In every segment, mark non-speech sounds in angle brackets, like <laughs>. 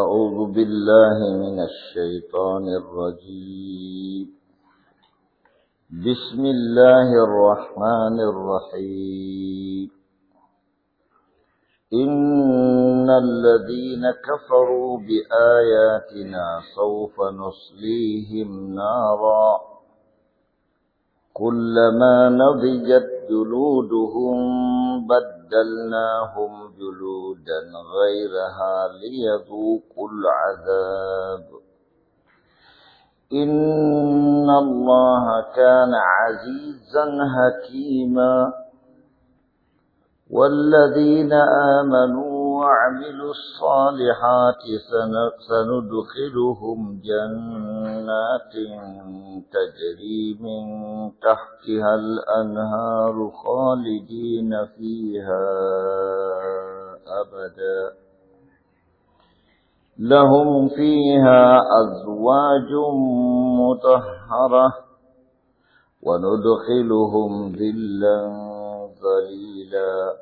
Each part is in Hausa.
أعوذ بالله من الشيطان الرجيم بسم الله الرحمن الرحيم إن الذين كفروا بآياتنا سوف نصليهم نارا كلما نضجت جلودهم بدلا بدلناهم جلودا غيرها ليذوقوا العذاب إن الله كان عزيزا حكيما والذين آمنوا وعملوا الصالحات سندخلهم جنات تجري من تحتها الأنهار خالدين فيها أبدا لهم فيها أزواج مطهرة وندخلهم ذلا ظليلا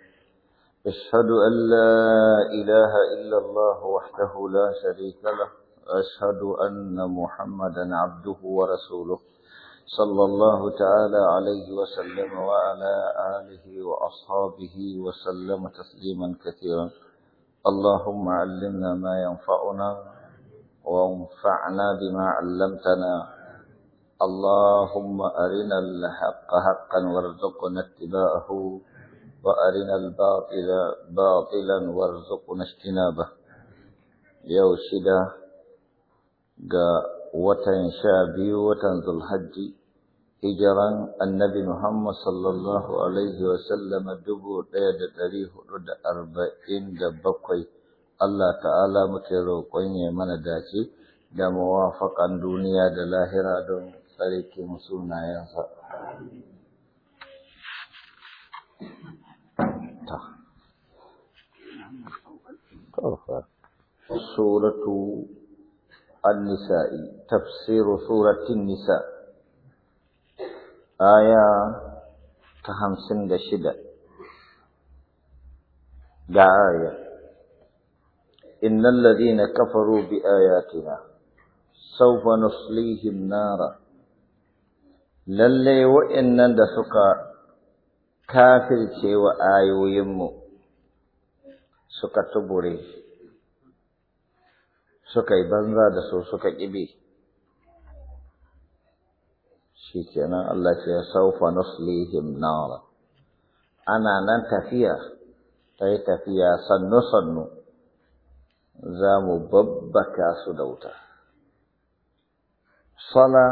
أشهد أن لا إله إلا الله وحده لا شريك له أشهد أن محمدا عبده ورسوله صلى الله تعالى عليه وسلم وعلى آله وأصحابه وسلم تسليما كثيرا اللهم علمنا ما ينفعنا وانفعنا بما علمتنا اللهم أرنا الحق حقا وارزقنا اتباعه وأرنا الباطل باطلا shina ba. yau shida ga watan sha biyu watan zulhajji hijiran annabi Muhammad sallallahu alaihi wasallama dubu ɗaya da ɗari hudu da arba'in da bakwai Allah ta'ala muke roƙon ya mana dace da mawafaƙan duniya da lahira don tsarkin sunayensa. سورة النساء تفسير سورة النساء آية تهمسن دشدة دعاية إن الذين كفروا بآياتنا سوف نصليهم نارا للي وإن دسك كافر شيء يمو suka tubure suka yi banza da su suka ƙibe shi kenan Allah ce saufa nuslihim nara ana nan tafiya ta yi tafiya sannu-sannu za mu babbaka su da wuta sala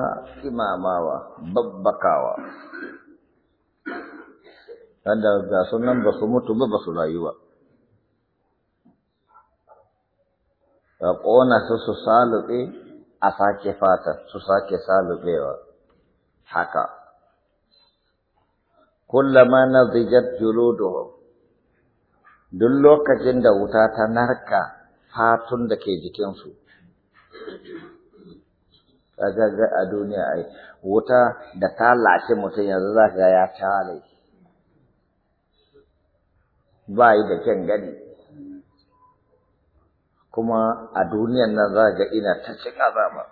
imamawa babbakawa wanda ga sunan ba su mutu ba ba su rayuwa. ba ka ƙona su su saluɓe a sake fata su sake salubewa haka kullama nazijat juluduhum duk lokacin da wuta ta narka fatun da ke jikinsu kaga a duniya ai wuta da ta lashe mutum yanzu za ga ya tare ba yi da kyan gani kuma a duniyan nan za ga ina ta cin azaba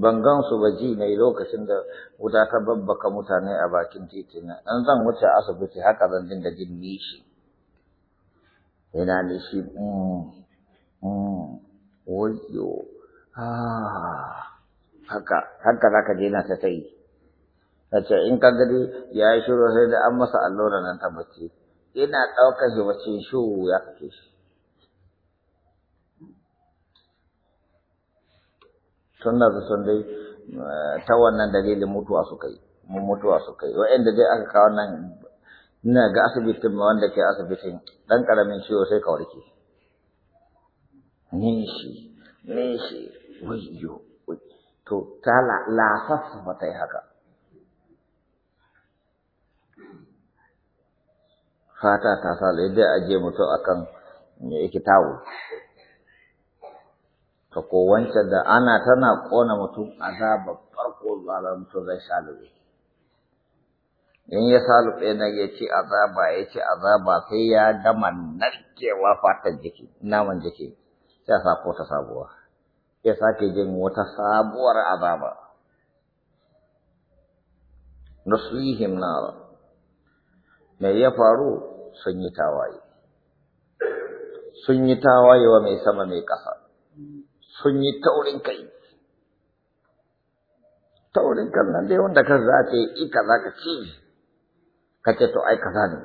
ban gan su ba ji ne lokacin da wuta ta babbaka mutane a bakin titi na an zan wuce asibiti haka zan dinga jin nishi yana nishi mm, mm, wajo ah, haka haka zaka je na ta ta yi in ka gadi ya yi shiru sai da an masa allura nan ta bacci yana ɗaukar shi wace shi ya kake shi sunna da sun dai eh, ta wannan dalilin mutuwa suka yi mun mutuwa suka yi Wa'inda dai aka kawo nan ina ga asibitin ma wanda ke asibitin dan karamin ciwo sai ka warke ne shi wai shi wayyo to ta la la ba ta yi haka fata ta sale dai a je mutum akan me yake tawo ko wancan da ana tana kona mutum azaba farko zuwa mutum zai salube in ya salube na ya ce azaba ya ce azaba sai ya gama narkewa fatan jiki naman jiki sai sa sako ta sabuwa ya sake jin wata sabuwar azaba نصليهم na mai ya faru sun yi tawaye sun yi tawaye wa mai sama mai ƙasa sun yi taurin kai taurin kan nan dai wanda kan za ce yi ika za ka ci ka ce to ai kaza ne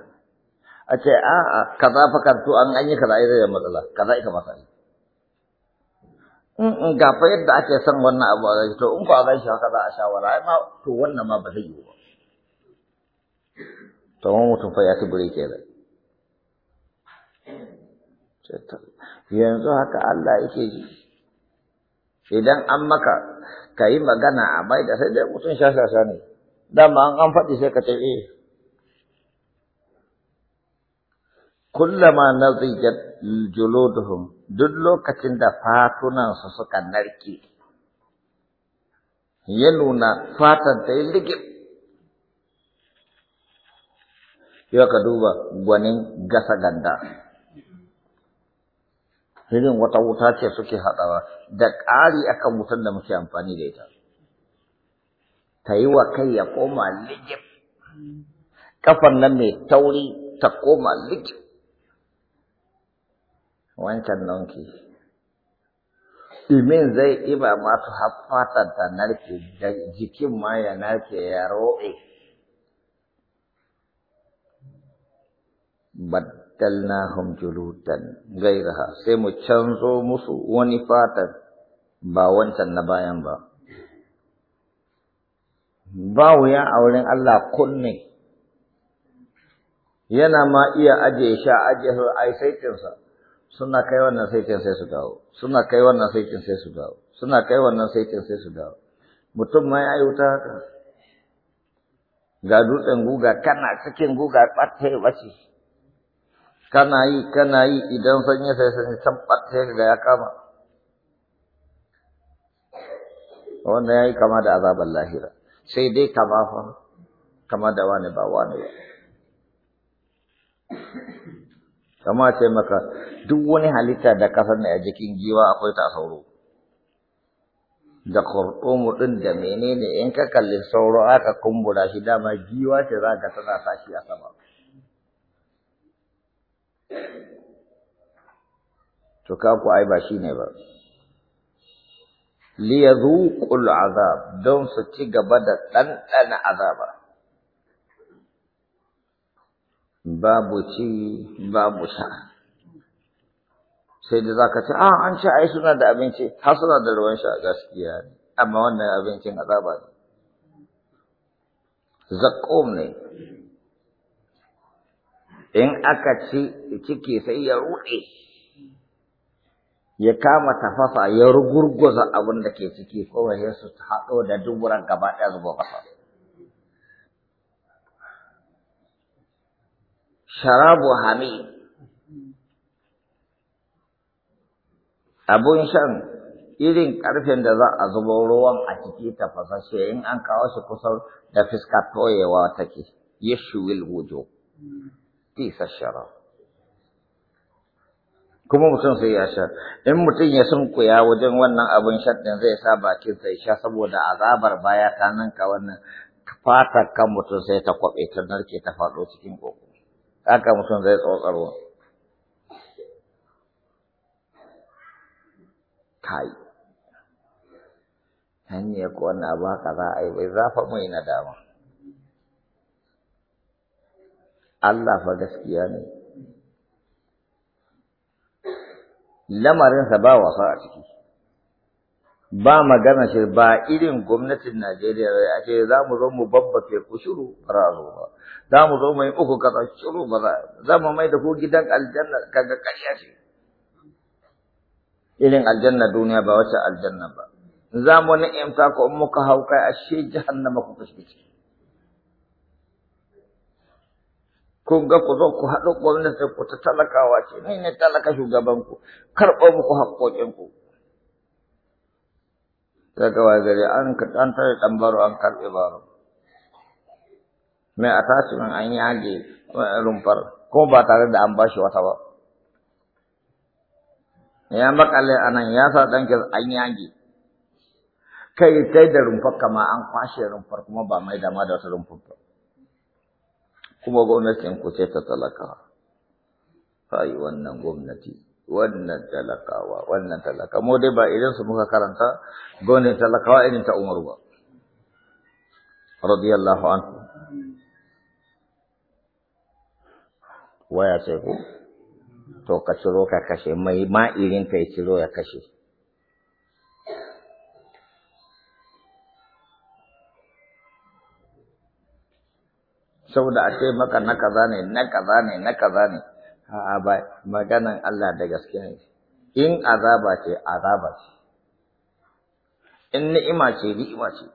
a ce a'a kaza fa kan to an an yi kaza ai zai matsala kaza ika masa yi ga fa yadda ake son wannan abu a to in ba a shi haka za a shawara ai ma to wannan ma ba zai yi ba tsawon mutum fa ya ke kenan yanzu haka Allah yake ji idan an maka ka yi magana a bai da sai dai mutum shashasha ne dama an an faɗi sai ka ce eh kullama nazijat juluduhum duk lokacin da fatunansu suka narke ya nuna fatan ta yi ligib Yau ka duba gwanin gasa ganda. Irin wata wuta ce suke haɗawa da ƙari akan wutar da muke amfani da ita. Ta yi wa kai ya koma lijib. Kafan nan mai tauri ta koma lijib. Wancan nonki. Imin zai iba masu ta narke da jikin ma ya narke ya ro'e. baddalnahum juludan gairaha sai mu canzo musu wani fata ba wancan na bayan ba ba wuya a wurin Allah kunne yana ma iya aje sha aje ai sa suna kai wannan saitin sai su dawo suna kai wannan saitin sai su dawo suna kai wannan saitin sai su dawo mutum ma ya yi wuta ga dutsen guga kana cikin guga batte ya kana yi kana yi idan sanya sai sanyi can sai ga ya kama wanda ya yi kama da azabar lahira sai dai kama fa kama da wani ba wani ba kama ce maka duk wani halitta da kasar na a jikin giwa akwai ta sauro da kurɗumu ɗin da menene in ka kalli sauro aka kumbura shi dama giwa ce za ka tana tashi a sama to ka ku ai ba shi ne ba liyadhuqul azab don su ci gaba da ɗanɗana azaba babu ci babu sha sai da zaka ce ah an ci ai suna da abinci har suna da ruwan sha gaskiya ne amma wannan abincin azaba ne zaqqum ne in aka ci ciki sai ya ruɗe ya kama tafasa ya rugurguza abin da ke ciki ko sai su haɗo da duburan gaba ɗaya zuba ƙasa sharabu hami abun shan irin ƙarfin da za a zuba ruwan a ciki tafasashe in an kawo shi kusa da fiska toyewa take wil wujo isa shara kuma mutum sai ya sha in mutum ya sunkuya wajen wannan abin shaɗin zai sa bakin sai sha saboda azabar baya ta ninka wannan fatar kan mutum sai ta kwaɓe ta narke ta faɗo cikin koko haka mutum zai tsotsarwa kai hanyar ko wannan abu haka za a yi bai zafa mai nadama Allah fa gaskiya ne lamarinsa ba wasa a ciki ba magana shi ba irin gwamnatin Najeriya da ake za mu zo mu babbafe ku shiru ba ba za mu zo mu yi uku kaza shiru ba za mu mai da ku gidan aljanna kaga karya ce irin aljanna duniya ba wacce aljanna ba za mu ni'imta ko in muka kai ashe jahannama ku kashe ciki kun ga ku zo ku haɗu gwamnati ku ta talakawa ce ni ne talaka shugabanku karɓo muku haƙoƙinku daga wa gari an ka an ta da tambaro an karɓe baro mai a tasirin an yage eh, rumfar kuma ba tare da an bashi wata ba ya makale anan ya sa ɗan an yage kai kai da rumfar kama an kwashe rumfar kuma ba mai dama da wata rumfar kuma gwamnatin ku ce ta talaka kai wannan gwamnati wannan talakawa wannan talaka mu dai ba idan su muka karanta gwamnatin talakawa irin ta Umar ba radiyallahu anhu waya ce ku to ka ciro ka kashe mai ma irin kai ciro ya kashe saboda a ce maka na kaza ne na kaza ne na kaza ne a'a ba maganan Allah da gaske ne in azaba ce azaba ce in ni'ima ce ni'ima ce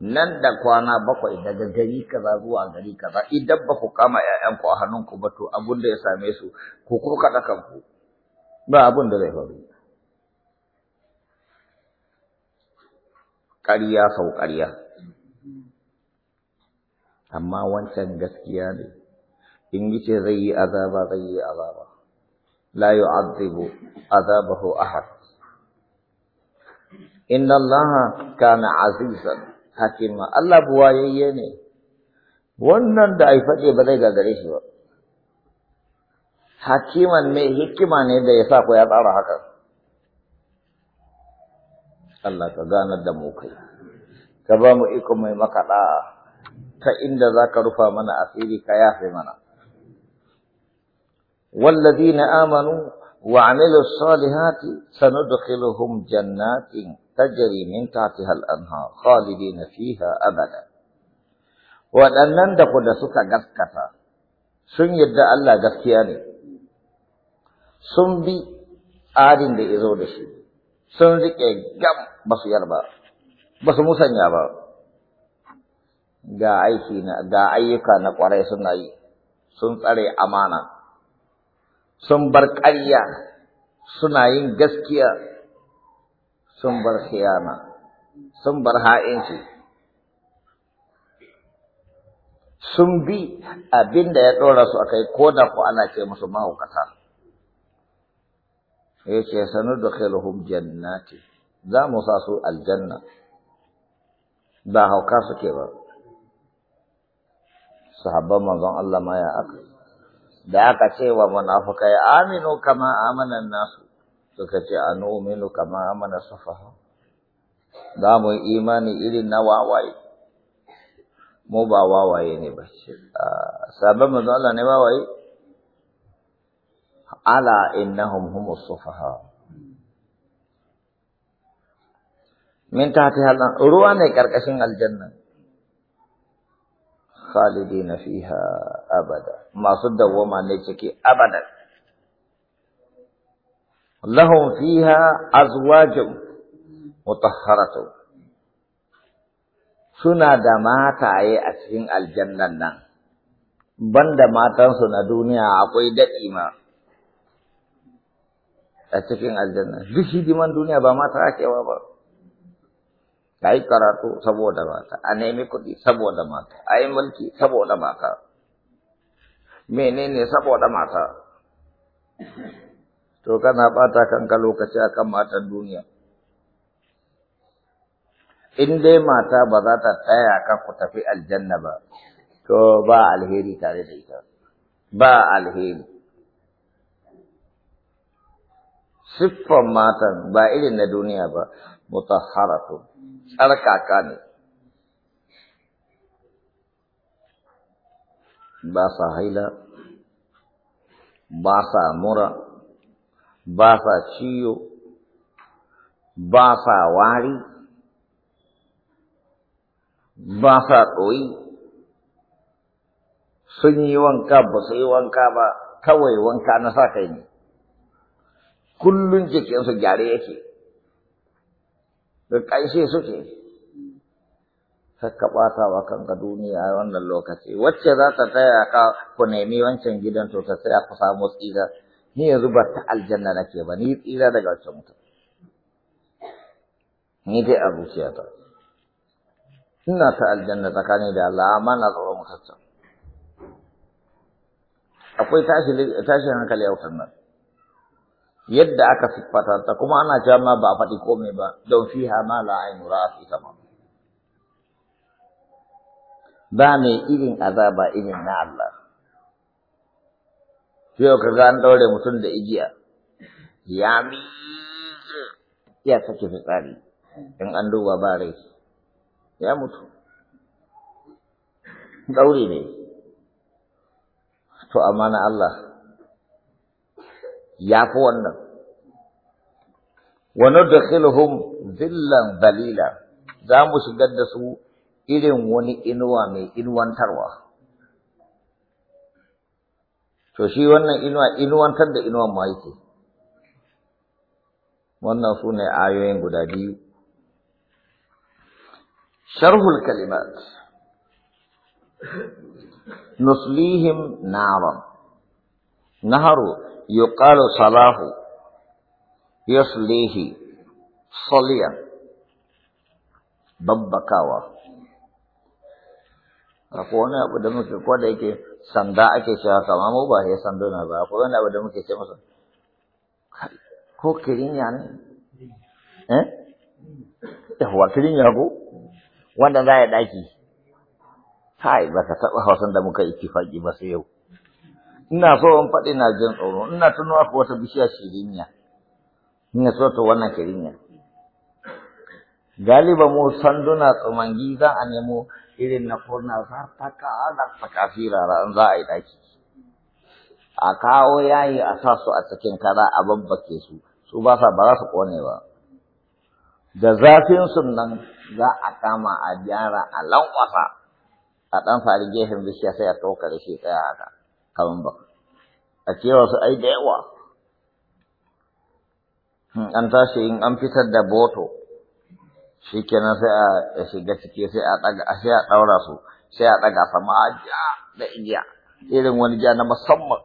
nan da kwana bakwai daga gari kaza zuwa gari kaza idan ba ku kama 'ya'yanku a hannunku ba to abin da ya same su ku ko kaɗa kanku ba abin da zai faru ƙarya sau ƙarya amma wancan gaskiya ne in yace zai yi azaba zai yi azaba la yu'adhibu azabahu ahad inna allaha kana azizan hakima Allah yayye ne wannan da ai fade ba zai gagare shi ba hakiman mai hikima ne da ya sa ku ya tsara haka Allah ka ganar da mu kai ka ba mu iko mai maka ta inda za ka rufa mana asiri ka yafe mana. والذين آمنوا وعملوا الصالحات سندخلهم جنات تجري من تحتها الأنهار خالدين فيها أبدا waɗannan da da suka gaskata sun yadda Allah gaskiya ne sun bi adin da ya zo da shi sun riƙe gam ba su yarba ba su musanya ba ga aiki na ga ayyuka na ƙwarai suna yi sun tsare amana sun bar ƙarya suna yin gaskiya sun bar khiyana sun bar ha'inci sun bi abin da ya ɗora su a kai, ko da ku ana ce musu mahaukata ya ce sanu da khiluhum jannati za mu sa su aljanna ba hauka suke ba sahabban manzon Allah ma ya aka da aka ce wa munafikai aminu kama amana nasu suka ce aminu kama amana safaha za mu imani irin na wawaye mu ba wawaye ne ba sahabban manzon Allah ne wawaye ala innahum humus sufaha min tahtiha ruwa ne karkashin aljanna خالدين فيها أبدا ما صدوا وما نجكي أبدا لهم فيها أزواج مطهرة suna da mataye a cikin aljannan nan, banda matansu na duniya akwai daɗi ma a cikin aljannan, duk hidiman duniya ba mata akewa ba. kai yi karatu saboda mata a nemi kuɗi saboda mata a yi mulki saboda mata menene saboda mata to kana bata kanka lokaci akan matan duniya in dai mata ba za ta tsaya ka ku tafi aljanna ba to ba alheri tare da ita ba alheri siffan matan ba irin na duniya ba mutaharatun tsarkakan ne ba sa haila ba sa mura ba sa ciyo ba sa wari ba sa ɗoyi sun yi wanka ba su yi wanka ba kawai wanka na sa kai ne kullum jikinsu gyare yake da ƙarshe suke ka ɓata wa kanka duniya a wannan lokaci wacce za ta tsaya ka ku nemi wancan gidan to ta tsaya ku samu tsira ni yanzu ba ta aljanna nake ba ni tsira daga wancan mutum ni dai a zuciyata ina ta aljanna tsakani da Allah amma na tsoron mutaccen akwai tashin hankali a wutar nan yadda aka siffata ta kuma ana cewa ma ba a faɗi komai ba don fiha ma la ainu ra'at ita ma ba mai irin azaba irin na Allah yau ka ga an ɗaure mutum da igiya ya mi ya sake fitsari in an duba ba rai ya mutu ɗaure ne to amana Allah ya fi wannan da nudkhiluhum zillan dalila za mu shigar da su irin wani inuwa mai inuwantarwa to shi wannan inuwa inuwantar da inuwan ma yake wannan su ne ayoyin guda biyu sharhul kalimat nuslihim naran naharu يقال صلاه يصليه صليا babbakawa akwai wani abu da muke ko da yake sanda ake cewa kama mu ba ya sando na ba ko wani abu da muke ce masa ko kirinya ne eh yawa kirinya ko wanda za ya daki kai ba ka taba hausan da muka yi kifaki ba sai yau ina so in faɗi na jin tsoro ina tuno aka wata bishiya shirinya ina so ta wannan shiriniya galiba mu sanduna tsumangi za a nemo irin na kurna ta zartaka firara in za a yi ɗaki a kawo yayi a sa su a cikin kara a babbake su su ba sa ba za su kone ba da zafin sun nan za a kama a gyara a lankwasa a ɗan fari gefen bishiya sai a tokar shi tsaya haka abin ba a cewa su ai da yawa an tashi in an fitar da boto shi kenan sai a shiga ciki sai a ɗaga a sai a ɗaura su sai a ɗaga sama a ja da igiya irin wani ja na musamman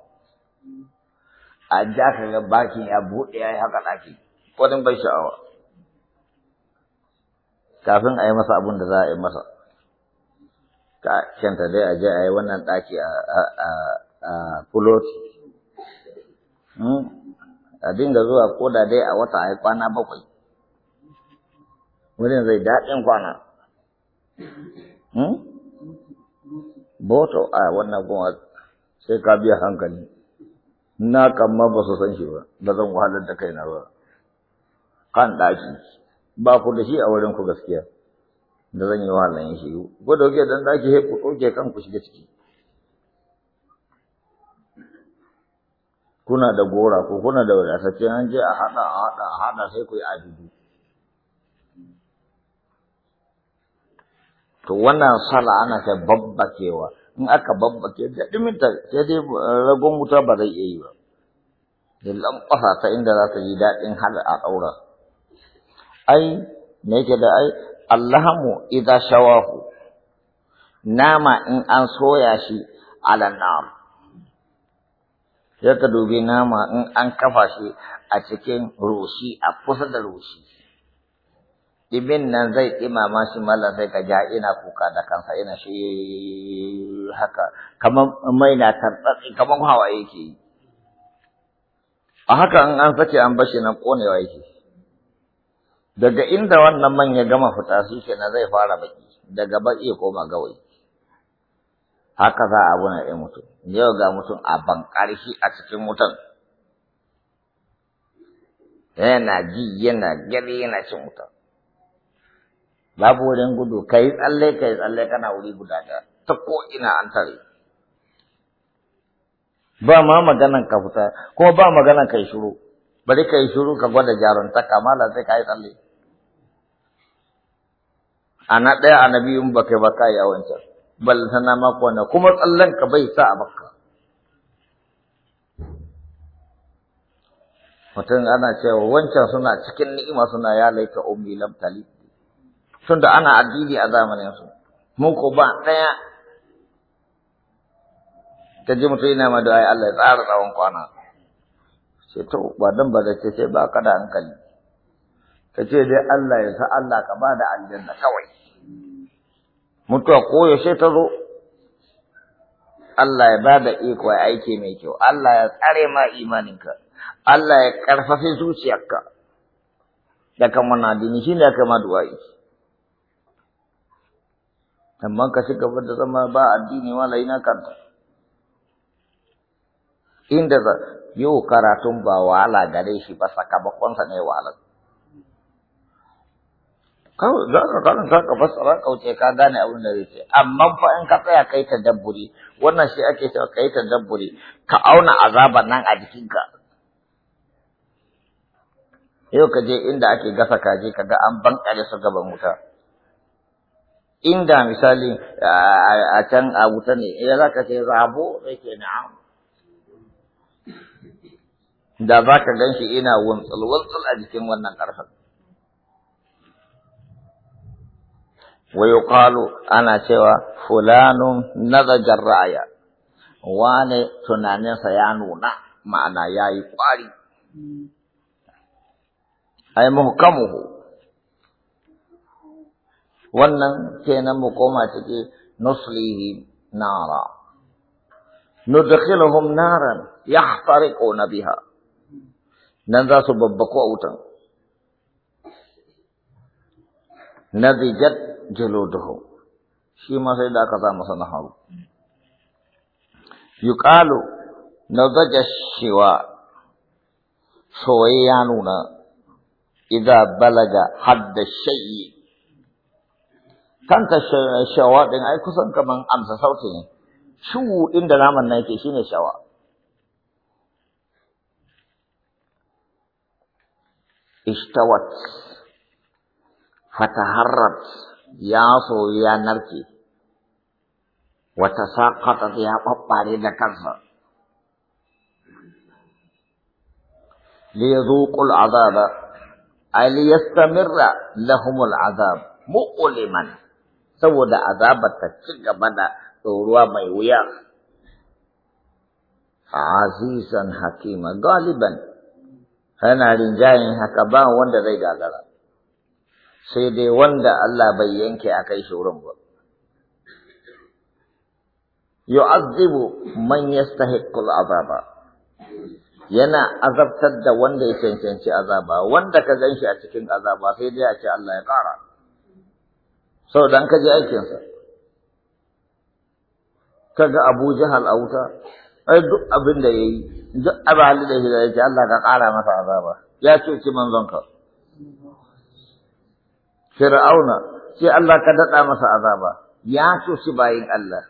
a ja ka ga baki ya buɗe ya yi haka ɗaki wani bai sha'awa kafin a yi masa abin da za a yi masa ka kyanta dai a je a yi wannan ɗaki a fuloti hmm? a dinga zuwa koda dai a wata ai kwana bakwai wurin zai daɗin kwana hmm? boto a wannan kuma sai ka biya hankali na kamma ba su san shi ba ba zan wahalar da kaina ba kan ɗaki ba ku da shi a wurin ku gaskiya da zan yi wahalar shi ku dauke dan ɗaki sai ku ɗauke kan ku shiga ciki kuna da gora ko kuna da wadatacce an je a haɗa a haɗa a haɗa sai ku yi adudu to wannan sala ana ta babbakewa in aka babbake da ɗuminta sai dai eh, ragon wuta ba zai iya yi ba da lamfasa ta inda za ta yi daɗin hada a ɗaura ai me yake da ai allahamu idza shawahu nama in an soya shi ala nar sai ka dubi nama in an kafa shi a cikin roshi a kusa da roshi ɗimin nan zai ɗimama shi mallam sai ka ja ina kuka da kansa ina shi haka kamar mai na tartsatsi kamar hawa yake yi a haka in an sace an bashi nan konewa yake daga inda wannan man ya gama fita shi kenan zai fara baki daga baki ya koma gawai haka za a abu na ɗaya mutum yau ga mutum a bankarshi a cikin mutum yana ji yana gari yana cin mutum babu wurin gudu ka yi tsalle ka yi tsalle kana wuri guda da ta ko an tare ba ma maganan ka fita kuma ba maganan ka yi shiru bari ka yi shiru ka gwada jarunta kamala sai ka yi tsalle a na ɗaya a na biyun ba kai ba ka yi a wancan sana ma kwana kuma tsallan ka bai sa a bakka mutum ana cewa wancan suna cikin ni'ima suna ya laita ummi lam talib tunda ana addini a zamanin su mu ko ba daya ji mutum yana ma da Allah ya tsara tsawon kwana Ce to ba dan ba ce sai ba ka da hankali kace dai Allah ya sa Allah ka bada aljanna kawai Mutu mutuwa koyaushe ta zo Allah ya bada iko ya aiki mai kyau Allah ya tsare ma imaninka Allah ya karfafi zuciyarka da kan wannan dini shi ne kama du'a'i amma ka ci gaba da zama ba addini wala ina kanta inda yau karatun ba wahala gare shi ba sakamakonsa ne wahalar kawai za ka karanta ka tsara kauce ka gane abin da zai ce amma fa in ka tsaya kai dabburi, wannan shi ake cewa kai dabburi, ka auna azaban nan a jikinka yau ka je inda ake gasa kaje ka ga an bankare su gaban wuta inda misali a can a wuta ne ya za ka ce rabo Zai ke amu. da za ka gan shi ina wuntsul-wuntsul a jikin wannan ƙarfin ويقال أنا سوى فلان نضج الرأي واني تنانين سيانونا معنى ياي قاري أي محكمه wannan kenan mu koma ciki nuslihi nara nudkhiluhum naran yahtariquna biha nan za su babbako a wutan nadijat juluduhu shi ma sai da aka sa masa nahawu yuqalu nadaja shiwa soyayya nuna idza balaga hadda shayyi kanta shawa din ai kusan kaman amsa sauti ne shu din da naman nake shine shawa ishtawat fataharrat ya soyu ya narke wata ta ya ɓaɓɓare da kansa ليذوقوا العذاب أي ليستمر لهم العذاب مؤلما saboda azabar ta ci gaba da tsoruwa mai wuya. Azizan hakima galiban, yana rinjayen haka ba wanda zai gagara. sai dai wanda Allah bai yanke a kai shi wurin ba yu'azzibu man yastahiqqul azaba yana azabtar da wanda ya cancanci azaba wanda ka ganshi a cikin azaba sai dai a ce Allah ya kara saboda an kaje aikinsa kaga Abu Jahal a wuta ai duk abin da yayi duk abali da shi da Allah ka kara masa azaba ya ce ki manzon ka fir'auna sai Allah ka daɗa masa azaba ya shi bayin Allah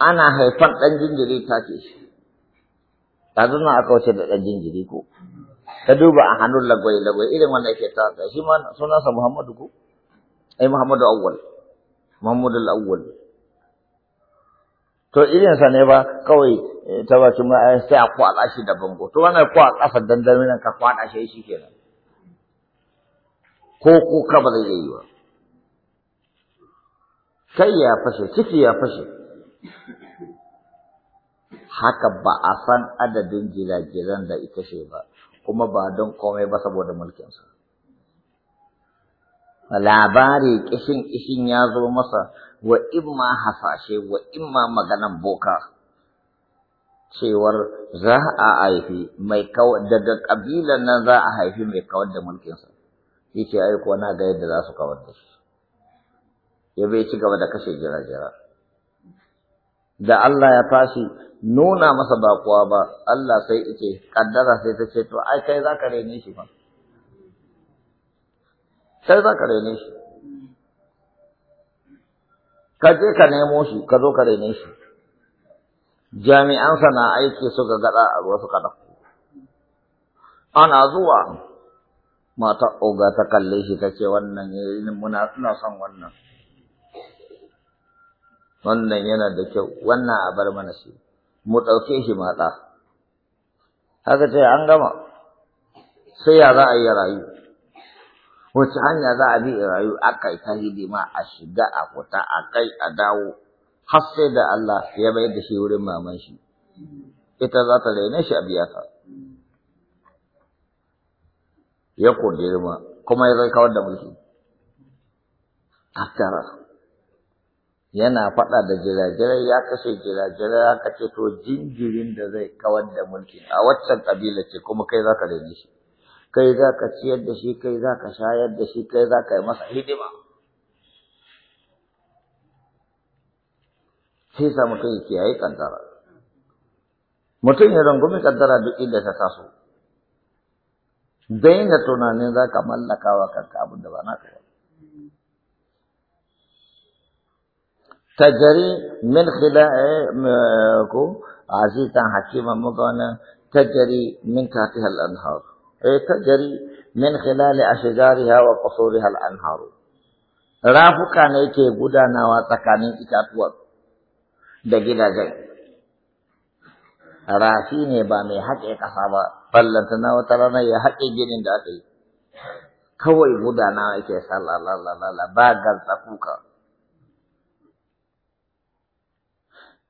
ana haifan ɗan jinjiri ta ce shi ta zuna aka wuce da ɗan jinjiri ko ta duba a hannun lagwai lagwai irin wanda yake ta ta shi ma sunansa Muhammadu ko ai Muhammadu awwal Muhammadu al-awwal to irin sa ne ba kawai eh, ta bakin ma eh, sai a kwaɗa shi da bango to wannan kwa fa dandamin ka kwaɗa shi kenan. ko kuka ba zai yi ba kai ya fashe ciki ya fashe haka ba a san adadin gidajen da ita ce ba kuma ba don komai ba saboda mulkinsa labari kishin kishin ya zo masa wa imma hasashe wa imma maganan boka cewar za a haifi mai kawar daga ƙabilan nan za a haifi mai kawar da mulkinsa yake aiko wani na ga yadda za su kawar da shi ya bai ci gaba da kashe jira-jira da Allah ya fashi nuna masa bakuwa ba Allah sai ike. kaddara sai ta ce to ai kai za ka rene shi ba kai za ka rene shi ka je ka nemo shi ka zo ka rene shi Jami'ansa na aiki suka gada a ruwa suka ana zuwa mata oga ta kalle shi ta ce wannan yayin eh, muna ina son wannan wannan yana da kyau wannan a bar mana shi mu ɗauke shi mata. haka ce an gama sai ya za a yi rayu wace hanya za a bi rayu akai yi ta hidima a shiga a fita a kai a dawo har sai da Allah ya bai da shi wurin maman shi ita za ta daina shi a biya ya ko ma kuma ya zai kawar da mulki tattara yana faɗa da jirajirai ya kashe jirajirai ya kace to jinjirin da zai kawar da mulki a waccan kabila ce kuma kai zaka rene shi kai zaka ciyar da shi kai zaka shayar da shi kai zaka yi masa hidima sai sa mutum ya kiyaye kaddara mutum ya rangumi kaddara duk inda ta taso دين تونا نيدا كمال mallaka wa kanka تجري من خلال كو عزيزا حكيما مغانا تجري من تحتها الأنهار إيه، تجري من خلال أشجارها وقصورها الأنهار رافقا نيكي بدانا وتكانين إتاتوا دقيقة جاي راسي بامي حق إقصابا إيه ballantana wata rana ya haƙe ginin da aka yi kawai gudana yake salalalala ba gantsa kuka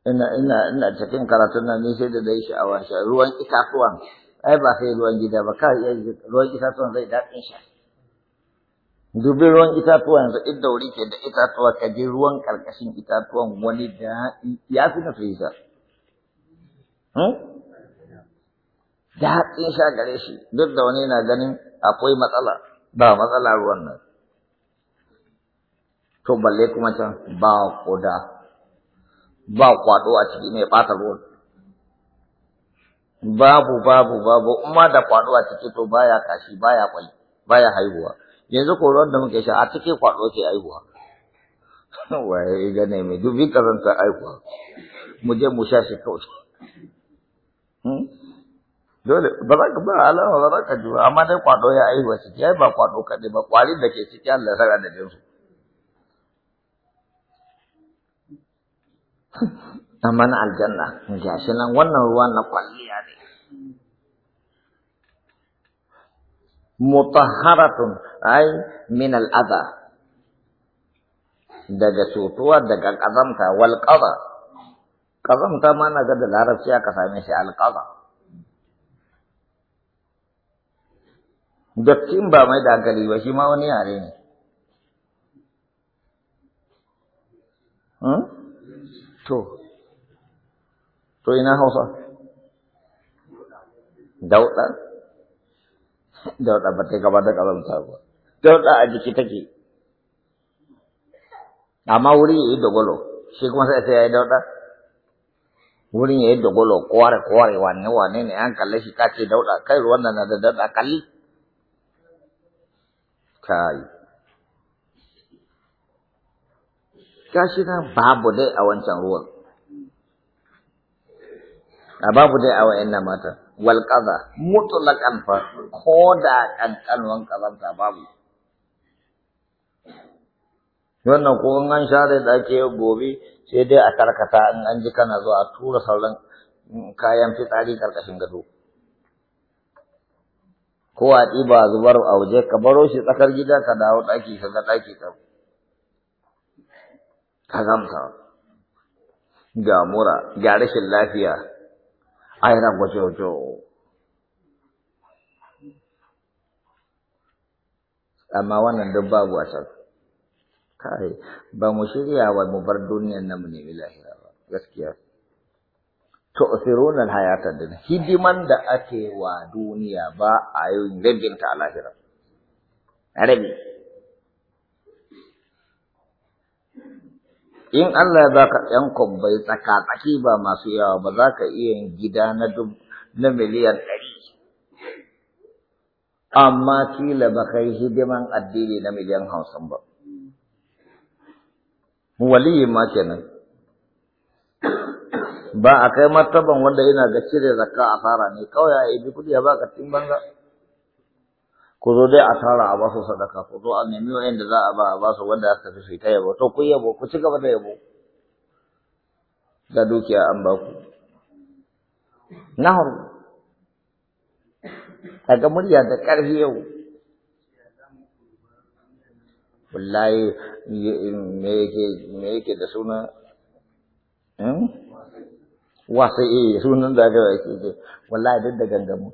ina ina ina cikin karatun nan ni sai da dai sha'awa sha ruwan itatuwan ai ba sai ruwan gida ba kai ruwan itatuwan zai daɗin sha dubi ruwan itatuwan yanzu inda wuri ke da itatuwa ka je ruwan karkashin itatuwan wani da ya fi na fiye daɗin sha gare shi duk da wani na ganin akwai matsala ba matsala ruwan nan to balle kuma can ba ƙuda ba kwaɗo a ciki mai ɓata ruwan babu babu babu umma da kwaɗo a ciki to baya kashi baya kwai baya haihuwa yanzu ko ruwan da muke sha a cikin kwaɗo ke haihuwa <laughs> waye gane mai dubi karanta haihuwa mu je mu sha shi kawai hmm? dole ba za ka ba alama ba za ka ji ba amma dai kwado ya aiwa ciki ai ba kwado kaɗai ba kwari da ke ciki Allah ya saka da jinsu amma na aljanna shi nan wannan ruwa na kwalliya ne mutahharatun ai min al-adha daga cutuwa daga kazamta wal qada kazamta ma na ga da larabci aka same shi al qada dattin ba mai da hankali ba shi ma wani yare ne hmm? to to ina hausa dauɗa dauɗa ba ta gaba da ƙazanta ba dauɗa a jiki take amma wuri ya yi dogolo shi kuma sai sai ya yi dauɗa wurin ya yi dogolo kware kware wane wane ne an kalle shi kace dauɗa kai ruwan na da dauɗa kalli kai gashi nan babu dai a wancan ruwan a babu dai a wa'annan matan wal kaza mutlaqan fa ko da kankanwan ƙazanta babu wannan ko in an share da gobe sai dai a karkata in an ji kana zuwa a tura sauran kayan fitsari karkashin gado ko a ɗiba zubar a waje ka baro shi tsakar gida ka dawo ɗaki ka ga ɗaki ka ka gamsa ga mura ga rashin lafiya a yana wajo amma wannan duk babu a can kai ba mu shirya wa mu bar duniyan nan mu nemi lahira ba gaskiya tu'thiruna al-hayata ad hidiman da ake wa duniya ba a yin rabin ta lahira rabi in Allah ya zaka yan bai tsaka-tsaki ba masu yawa ba za ka iya yin gida na dub na miliyan ɗari amma kila ba kai hidiman addini na miliyan hausan ba Wali ma kenan ba a kai martaban wanda yana ga cire zakka a fara ne kawai a ibi kuɗi ya baka cin banza ku zo dai a tara a basu sadaka ku zo a nemi wa'inda za a ba a basu wanda aka fi su ta yabo to ku yabo ku ci gaba da yabo da dukiya an ba ku nahru ga murya da ƙarfi yau wallahi me yake da suna hmm? wasa eh sunan da ga yake ce wallahi duk da gangamu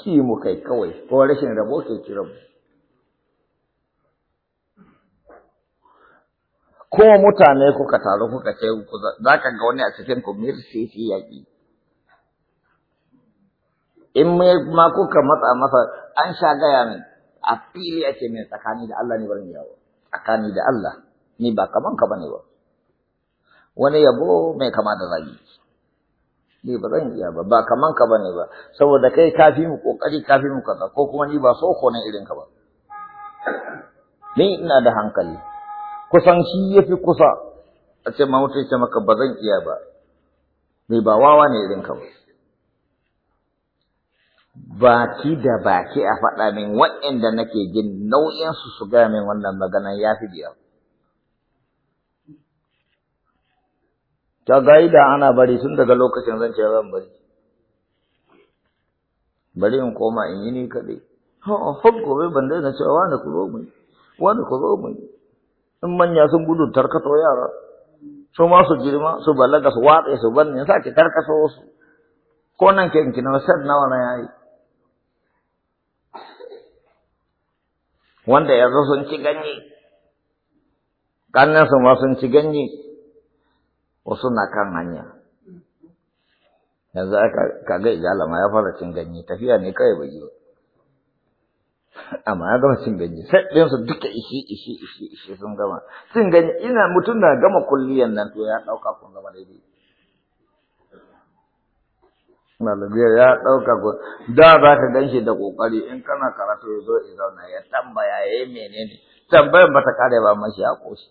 ki mu kai kawai ko rashin rabo ke ki rabo ko mutane kuka taru kuka ce za ka ga wani a cikin ku sai ya yaƙi in ma kuka matsa masa an sha gaya min a fili ake min tsakani da Allah ne barin yawo tsakani da Allah ni ba kaman ka bane ba wani yabo mai kama da zagi ni ba zan iya ba ba kaman ka bane ba saboda kai kafi mu kokari kafi mu kaza ko kuma ni ba so ko ne irin ka ba ni ina da hankali kusan shi yafi kusa a ce ma mutum ce maka ba zan iya ba ni ba wawa ne irin ka ba baki da baki a faɗa min waɗanda nake jin nau'insu su gaya min wannan magana ya fi biyar ta gaida ana bari tun daga lokacin zan ce zan bari bari in koma in yi ni kaɗai har gobe ban daina cewa wani ku zo mu yi wani ku zo mu yi in manya sun gudu tarkato yara su ma su girma su balaga su watsa su banne, ne sake tarkato su ko nan ke kina na sad nawa na yayi wanda yanzu sun ci ganye su ma sun ci ganye wasu na kan hanya yanzu ka ga ijalama ya fara cin ganye tafiya ne kawai bai yi amma ya gama cin ganye sai ɗinsu duka ishi ishi ishi ishi sun gama cin ganye ina mutum na gama kulliyan nan to ya ɗauka kun gama daidai Malabiyar ya ɗauka ku da za ka gan shi da ƙoƙari in kana karatu ya zo ya zauna ya tambaya ya yi menene tambayar ba ta kare ba mashi ya ƙoshi.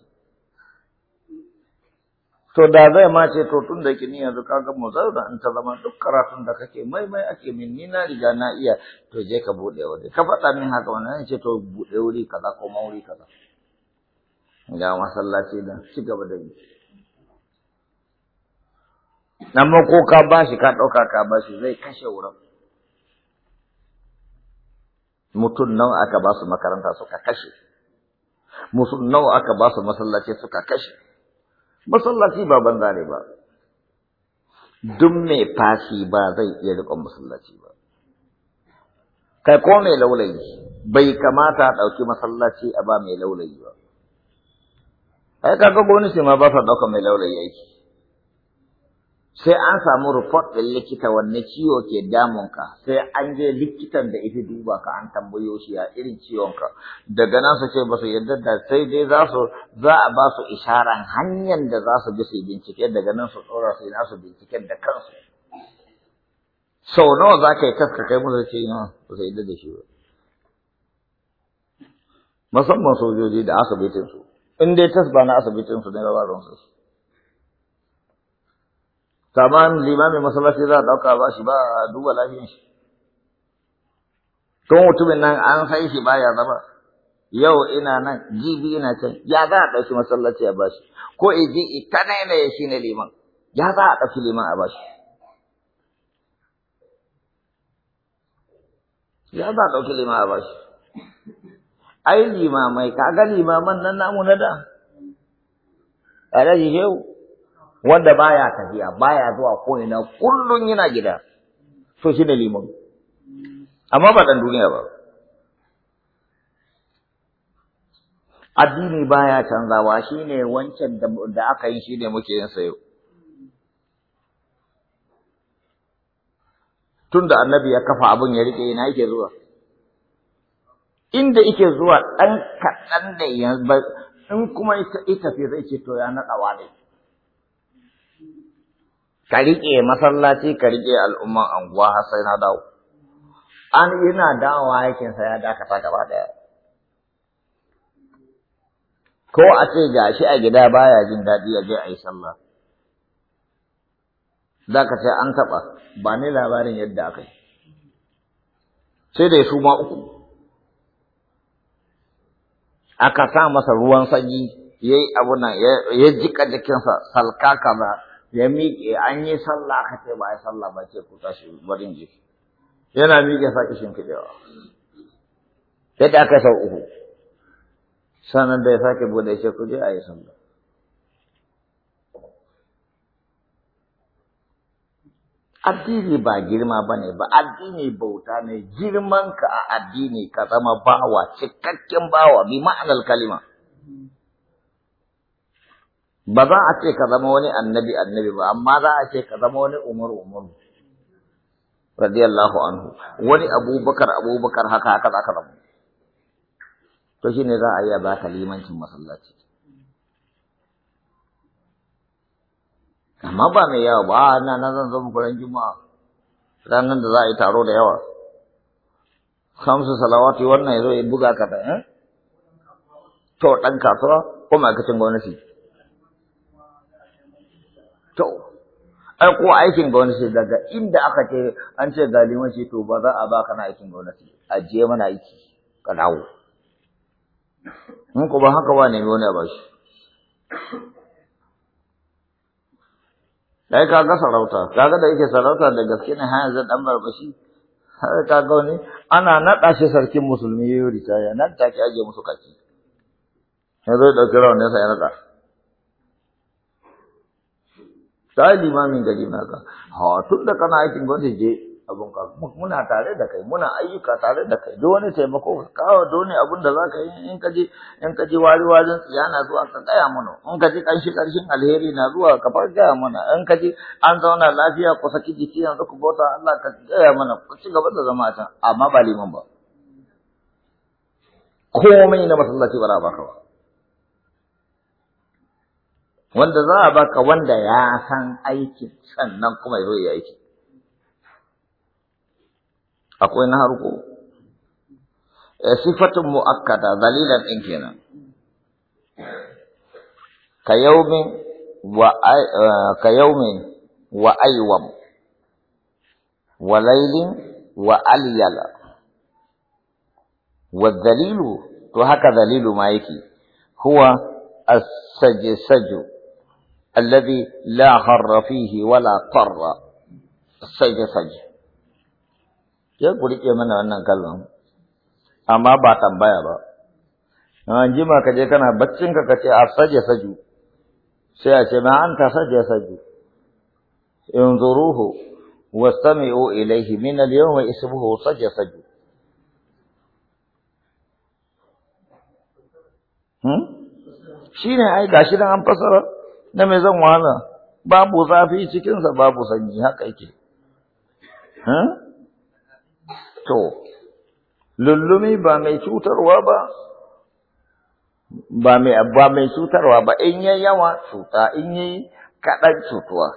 to da zai ma ce to tun da kini yanzu ga mu da an ta zama duk karatun da kake mai mai ake min ni na riga na iya to je ka bude wuri ka faɗa min haka wannan ce to bude wuri kaza ko ma wuri kaza ga masallaci da ci gaba da yi amma ko ka bashi ka ɗauka ka bashi zai kashe wurin mutum nawa aka ba su makaranta suka kashe mutum nawa aka ba su masallaci suka kashe masallaci ba banza ne ba duk mai fasi ba zai iya riƙon masallaci ba kai ko mai laulayi bai kamata a ɗauki masallaci a ba mai laulayi ba ai kaga gwamnati ma ba sa mai laulayi aiki sai an samu report ɗin likita wanne ciwo ke damunka sai an je likitan da ita duba ka an tambayo shi a irin ciwonka daga nan su ce ba su yarda da sai dai za su za a ba su isharan hanyar da za su bi su bincike daga nan su tsora su na su binciken da kansu sau nawa za ka yi kaska kai musu ce yin ba su yarda da shi ba musamman sojoji da asibitinsu in dai tas ba na asibitinsu ne ba ba su kaman limamin masallaci za a ɗauka ba shi ba a duba lafiyan shi tun mutumin nan an sai shi ya zama yau ina nan jibi ina can ya za a ɗauki masallaci a bashi ko iji ita ne shi ne liman ya za a ɗauki liman a bashi ya za a ɗauki liman a bashi ai limamai kaga limaman nan namu na da shi shehu wanda baya tafiya baya zuwa ko kullum yana gida so shi ne liman amma ba dan duniya ba addini baya canzawa shine wancan da aka yi shi ne muke yin sayo tunda annabi ya kafa abin ya rike yana yake zuwa inda yake zuwa dan kaɗan ne in kuma ita ce zai ce to ya naɗa ne ka riƙe masallaci ka riƙe al'umman anguwa har sai na dawo an yana dawowa aikinsa ya dakata gaba ko a ce gashi a gida baya jin daɗi ya je a yi sallah za ka ce an taɓa ba ni labarin yadda aka yi sai da ya suma uku aka sa masa ruwan sanyi ya yi abu ya jika jikinsa salka kaza ya miƙe an yi sallah aka ce ba a yi sallah ba ce ku tashi barin jiki yana miƙe sake shimfiɗewa ya ta aka sau uku sannan da ya sake bude shi ku je a yi sallah addini ba girma ba ne ba addini bauta ne girmanka a addini ka zama bawa cikakken bawa bi ma'anar kalimar ba za a ce ka zama wani annabi annabi ba amma za a ce ka zama wani umar umar radiyallahu anhu wani abubakar abubakar haka haka za ka zama to shi ne za a iya ba ka limancin masallaci amma ba mai yawa ba ah, na na zan zama kuran juma'a ranar da za a yi taro da yawa Samsu salawati wannan ya zo ya buga ka da eh? to ɗan kasuwa ko ma'aikacin gwamnati To, ai ko aikin gwamnati daga inda aka ce an ce ga limanci to ba za a ka na aikin gwamnati ajiye mana aiki ka dawo. Mun ko ba haka ba ne wani ba shi. ka ga sarauta, Ka ga da yake sarauta da gaske ne har zan dan barbashi har ka ga wani ana naɗa shi sarkin musulmi yayi ritaya nan take aje musu kaki. Yanzu da kira wannan sai ya naɗa. sai limamin gari naka ha tun da kana aikin gwamnati je abun ka muna tare da kai muna ayyuka tare da kai duk wani taimako kawo dole abun da zaka yi in ka je in ka je wari warin ya na zuwa ka gaya mana in ka je kanshi karshen alheri na zuwa ka far gaya mana in ka je an zauna lafiya ko saki jiki yanzu ku bauta Allah ka gaya mana ku ci gaba da zama can amma ba liman ba komai na masallaci ba ba ba wanda za a baka wanda ya san aikin sannan kuma ya zo ya aiki akwai na harko e, sifatun mu'akkada dalilan din kenan ka yaumin wa e, ka yaumin wa aiwam wa lailin wa aliyala, wa dalilu to haka dalilu ma yake huwa as-sajsaju الذي لا غر فيه ولا قر سج سج يا بديك يا من أنا كلام أما باتم بايا با أنجما كجكنا بتشين ككشي أسج سجو سأشي ما أنت سج سجو انظروه واستمعوا إليه من اليوم اسمه سج سجو هم شيء هاي قاشي لعم بصره na me zan wahala babu zafi cikinsa babu sanyi haka yake to lullumi ba mai cutarwa ba ba mai ba mai cutarwa ba in yayi yawa cuta in yayi kaɗan cutuwa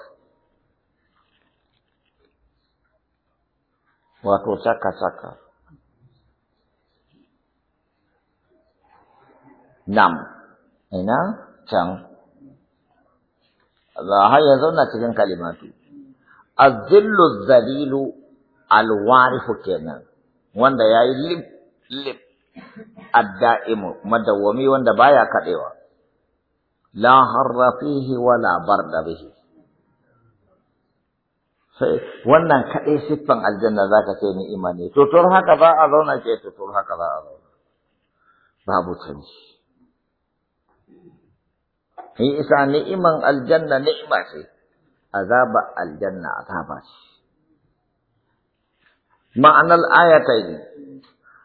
wato saka-saka nam ina can har ya zauna cikin kalimatu azillu zalilu alwarifu kenan wanda ya yi lip lip adda'imu madawwami wanda baya kadewa la harra wa labar barda bihi sai wannan kadai siffan aljanna zaka ce ni'ima ne to haka ba a zauna ce to haka ba a zauna babu canji Hi isa ni'iman aljanna ni'ima ce, azaba aljanna azaba ce. Ma'anar ayatai ne,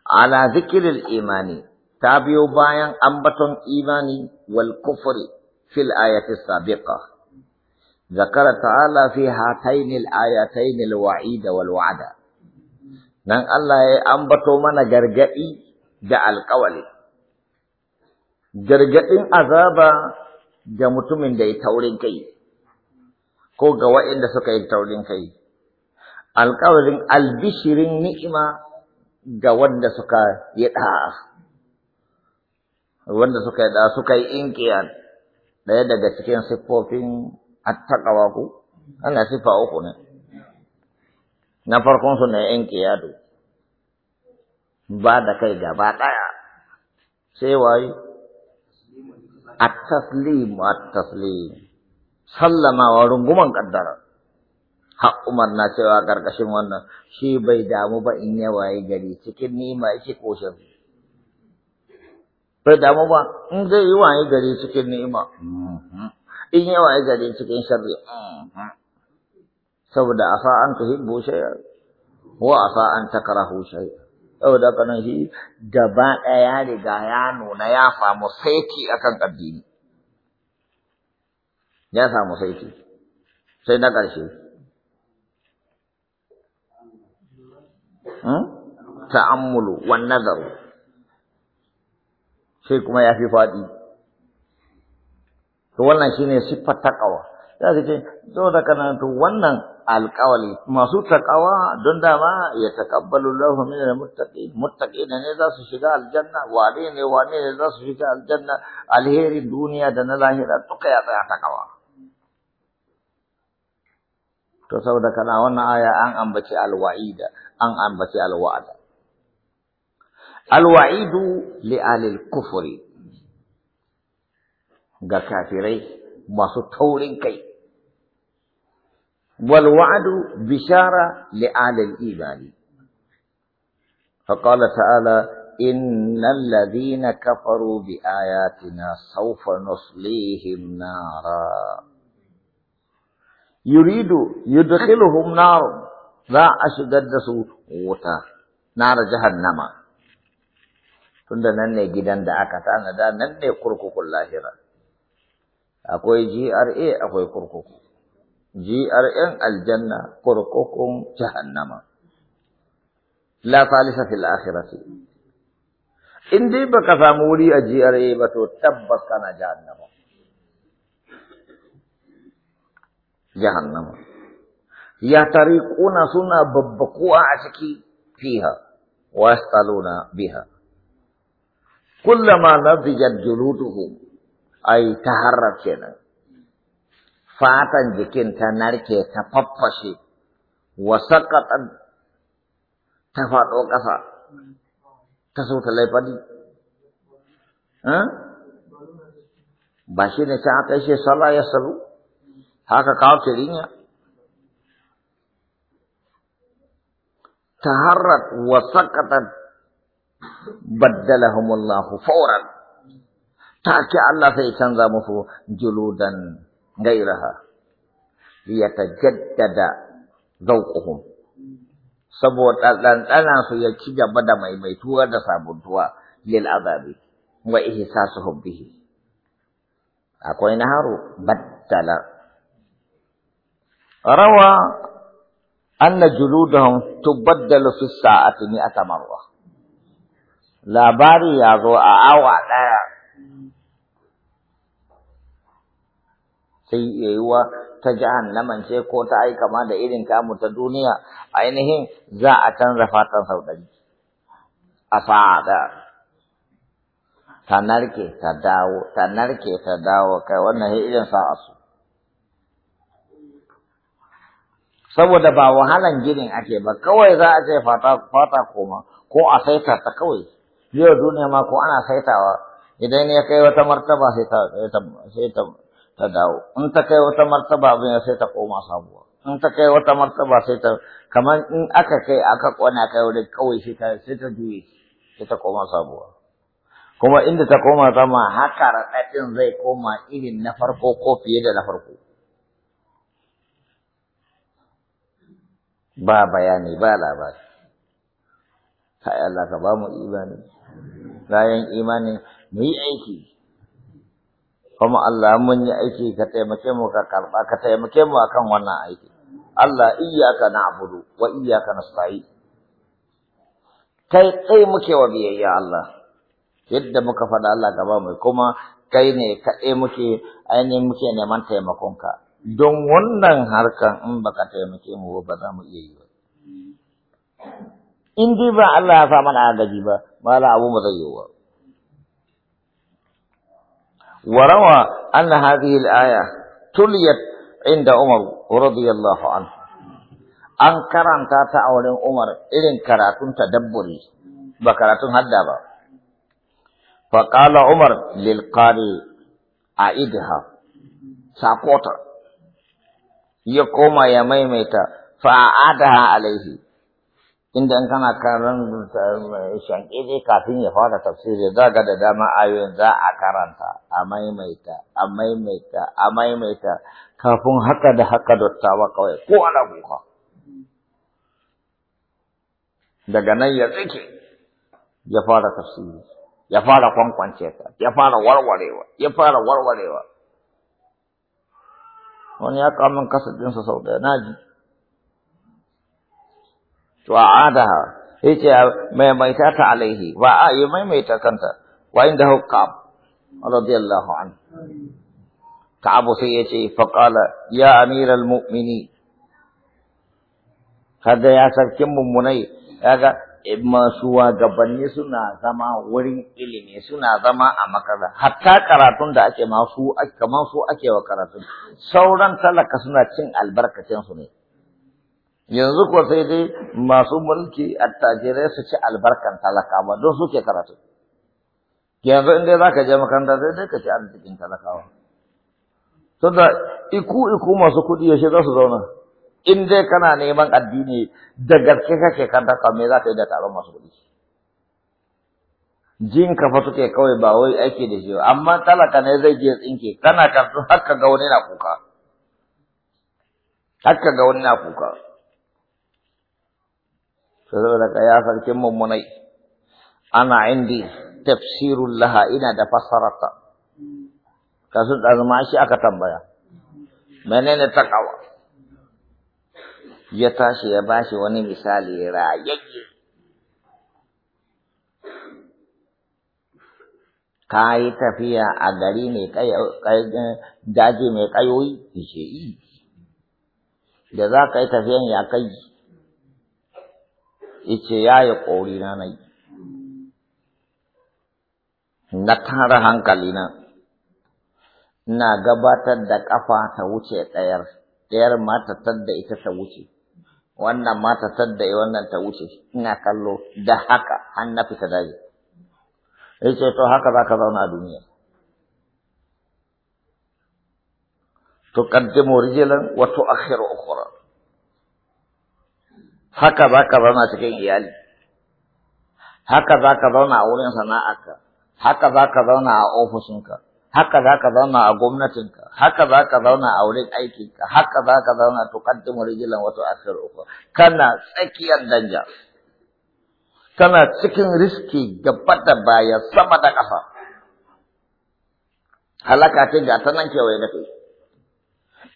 ala zikiril imani, ta biyo bayan ambaton imani wal kufri fil ayati sabiqa. ذكر تعالى في هاتين الآيتين الوعيد والوعد نعم الله أنبتو من جرجئي جاء القول جرجئي أذابا ga mutumin da ya taurin kai ko ga waɗanda suka yi taurin kai alƙawarin albishirin ni'ima ga wanda suka yi ɗa'a wanda suka yi ɗa'a suka yi inkiya ɗaya daga cikin siffofin attaqawa ku ana siffa uku ne na farkon su ne inkiya ba da kai gaba ɗaya sai waye at-taslim wa taslim sallama wa runguman kaddara, har umar na cewa karkashin wannan shi bai damu ba in ya waye gari cikin nima yake koshe bai damu ba in zai yi waye gari cikin nima mhm. in ya waye gari cikin sharri saboda asa an tuhibbu shay'a wa asa an takrahu shay'a saboda haka nan shi gaba ɗaya ya riga ya nuna ya samu saiti akan addini ya samu saiti sai na ƙarshe hmm? ta'ammulu wan nazaru sai kuma ya fi faɗi to wannan shine siffar ƙawa. Sai ce zo da kana wannan alƙawali masu takawa don dama ya takabbalu lahu min almuttaqi muttaqina ne za su shiga aljanna wane ne wane ne za su shiga aljanna alherin duniya da na lahira duka ya tsaya takawa to saboda kana wannan aya an ambaci alwa'ida an ambaci alwa'ada alwa'idu li alil kufri ga kafirai masu taurin kai والوعد بشارة لآل الإيمان فقال تعالى إن الذين كفروا بآياتنا سوف نصليهم نارا يريد يدخلهم نار لا أشد وتا نار جهنم tunda nan جدن دعاكتان da aka tanada الله ne kurkukun جي أر إيه akwai kurkuku جرن الجنه قرقكم جهنم لا ثالث في الاخره ان دي بقى فامولي اجي اريبه تبت كان جهنم جهنم يا طريقون سنا ببقوا عسكي فيها واستلونا بها كلما نضجت جلودهم اي تهرت كنا fatan jikin ta narke ta faffashe wa saƙaɗan ta faɗo ƙasa ta so ta laifadi ba shi ne can aka shi sala ya salu haka kawo kirinya taharrat wa saƙaɗan baddalahumullahu fauran take Allah sai canza musu juludan غيرها ليتجدد ذوقهم saboda ɗanɗanansu ya ci gaba da maimaituwa da sabuntuwa lil azabi wa ihsasuhum bihi akwai naharu baddala rawa anna juludahum tubaddalu fi sa'ati mi'ata marra labari ya zo a awa ɗaya yi yayuwa ta jahannaman ce ko ta ai kama da irin kamu ta duniya ainihin za a canza fatan sau ɗari a fada ta narke ta dawo ta narke ta dawo kai wannan irin sa'a su saboda ba wahalan ginin ake ba kawai za a ce fata fata koma ko a saita ta kawai yau duniya ma ko ana saitawa idan ya kai wata martaba sai ta sai ta ta dawo in ta kai wata martaba abin sai ta koma sabuwa in ta kai wata martaba sai ta kamar in aka kai aka kona kai wurin kawai shi ta sai ta duye sai ta koma sabuwa kuma inda ta koma zama haka raɗaɗin zai koma irin na farko ko fiye da na farko ba bayani ba labari kai Allah ka ba mu imani bayan imani mu yi aiki kuma Allah mun yi aiki ka taimake mu ka karba ka taimake mu akan wannan aiki Allah iyyaka na'budu wa iyyaka nasta'in kai kai muke wa biyayya Allah yadda muka faɗa Allah gaba mai kuma kai ne kaɗai muke ainihin muke neman taimakonka don wannan harkan in baka taimake mu ba za mu iya yi ba in dai ba Allah ya sa mana agaji ba mala abu ba zai yi وروى أن هذه الآية تليت عند عمر رضي الله عنه an karanta ta a wurin Umar irin karatunta tadabburi ba karatun hadda ba. Faƙala Umar lilƙari a idha sakota, ya koma ya maimaita fa’ada alaihi, inda in kana karan eh, shanke dai kafin ya fara tafsiri za ga da dama ayoyin za a karanta a maimaita a maimaita a maimaita kafin haka da haka dottawa kawai ko ana kuka daga nan ya tsike ya fara tafsiri ya fara kwankwance ta ya fara warwarewa ya fara warwarewa wani ya kawo min kasa sau ɗaya na ji wa'adaha yace mai mai ta ta alaihi wa yi mai mai ta kanta wa inda hukab radiyallahu an ka'abu sai yace fa qala ya amiral mu'mini kada ya sarkin mummunai kaga masu gabanni suna zama wurin ilimi suna zama a makaranta hatta karatun da ake ma su kamar su ake wa karatun sauran talaka suna cin albarkacin su ne yanzu ko sai dai masu mulki attajirai su ci albarkan talakawa don suke karatu yanzu in dai za ka je makaranta sai dai ka ci arzikin talakawa da iku iku masu kuɗi ya shiga su zauna in dai kana neman addini da gaske kake kan daka me za ka yi da taron masu kuɗi jin kafa suke kawai ba wai aiki da shi amma talaka ne zai je tsinke kana karatu har ka ga wani na kuka har ka ga wani na kuka saboda ka ya sarkin mummunai ana indi tafsirul laha ina da fasarata. ka sun ma shi aka tambaya menene takawa ya tashi ya bashi wani misali rayayye ka yi tafiya a gari mai daji mai ƙayoyi ce yi da za ka yi tafiyan ya kai ice ya yi ƙori na nai na tara hankali na na gabatar da ƙafa ta wuce ɗayar ɗayar ma ta tadda ita ta wuce wannan ma ta wannan ta wuce ina kallo da haka an na fita daji ce to haka za ka zauna a duniya rijilan رجلا وتؤخر أخرى haka za ka zauna cikin iyali haka za ka zauna a wurin sana'arka haka za ka zauna a ofishinka haka za ka zauna a gwamnatinka haka za ka zauna a wurin aikinka haka za ka zauna tuqaddimu rijilan wato akhir uku kana tsakiyar danja kana cikin riski gaba da baya sama da ƙasa. halaka ce ga ta nan kewaye da kai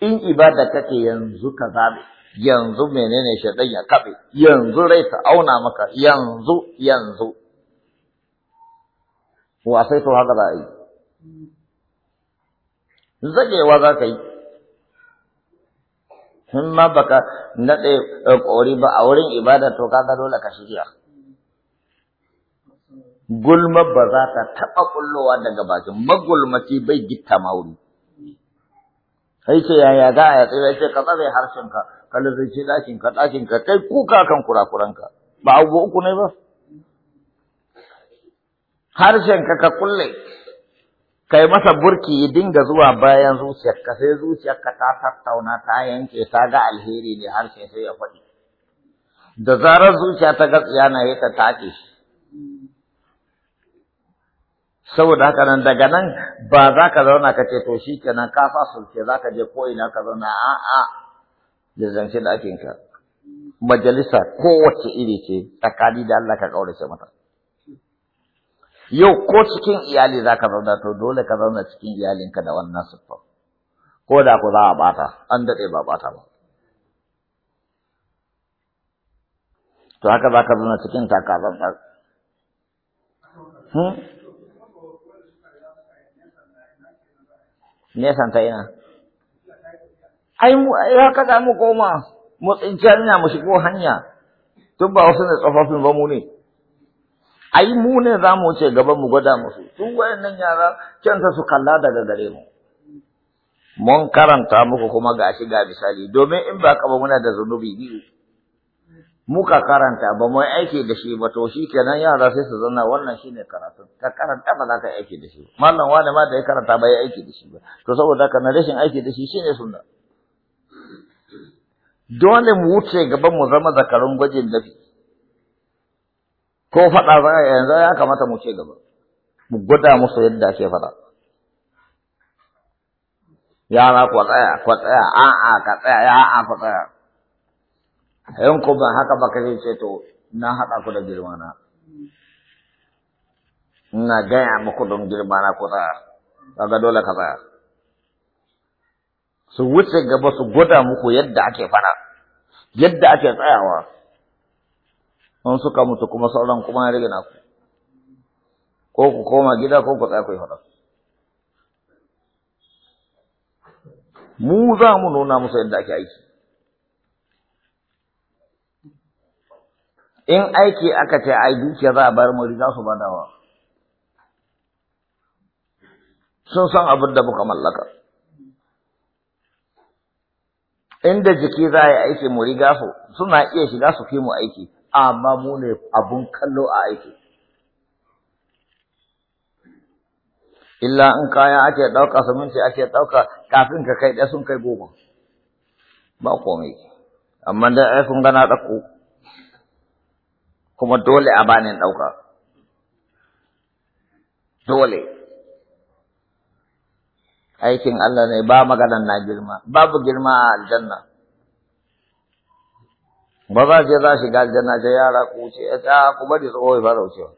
in ibada kake yanzu ka zabe yanzu menene shaidan ya kaɓe yanzu rai ta auna maka yanzu yanzu Wa sai to haka za a yi zagewa za ka yi Sun ma baka naɗe eh, ƙori ba a wurin ibada to kaga dole ka shirya gulma ba za ta taɓa ƙullowa daga bakin magulmaci bai gitta mauri sai ce yaya za a tsaye ce ka tsare harshenka ka lalace ɗakin ka ɗakin ka kai kuka kan kurakuranka ba abu uku ne ba harshenka ka kulle kai masa burki ya dinga zuwa bayan zuciyarka sai zuciyarka ta tattauna ta yanke ta ga alheri ne harshe sai ya faɗi da zarar zuciya ta gatsiya na yi ta take shi saboda haka nan daga nan ba za ka zauna ka ce to shi kenan ka fa sulke za ka je ko ina ka zauna a da zance da ake ka majalisa kowace iri ce tsakani da Allah ka kaurace mata yau ko cikin iyali za ka zauna to dole ka zauna cikin iyalinka da wannan siffar ko da ku za a bata an daɗe ba bata ba to haka za ka zauna cikin takazan hmm? nesan ta ina ai ya kada mu koma mu tsinci hanya mu shigo hanya tun ba wasu ne tsofaffin ba mu ne ai mu ne za mu wuce gaban mu gwada musu tun wayannan yara kyanta su kalla daga gare mu mun karanta muku kuma ga shi ga misali domin in ba ka muna da zunubi biyu muka karanta ba mu aiki da shi ba to shi kenan yara sai su zanna wannan shine karatu ka karanta ba za ka aiki da shi mallam wani ma da ya karanta ba ya aiki da shi ba to saboda haka na rashin aiki da shi shine sunna dole mu wuce gaban mu zama zakarun gwajin dafi ko faɗa za yanzu ya kamata mu ce gaba mu gwada musu yadda ake faɗa yara ku tsaya ku tsaya a'a ka tsaya a'a ku tsaya in ko ba haka ba kaje ce to na haɗa ku da girmana ina gaya muku don girmana ku tsaya kaga dole ka tsaya su wuce gaba su gwada muku yadda ake fara yadda ake tsayawa in suka mutu kuma sauran kuma ya rage ku, ko ku koma gida ko ku tsaya ku yi faɗa mu za mu nuna musu yadda ake aiki in aiki aka ce ai dukiya za a bar mu riga su badawa sun san abin da muka mallaka inda jiki za a yi aiki mu riga su suna iya shiga su fi mu aiki amma mu ne abun kallo a aiki illa in kaya ake ɗauka suminti ake ɗauka kafin ka kai ɗaya sun kai goma ba komai amma da ai sun gana ɗauko kuma dole a bani ɗauka. Dole. Aikin Allah ne ba maganan na girma, babu girma a aljanna. Ba za ce za shiga aljanna ce yara ku wuce, ya ta ku bari tsohon fara wucewa.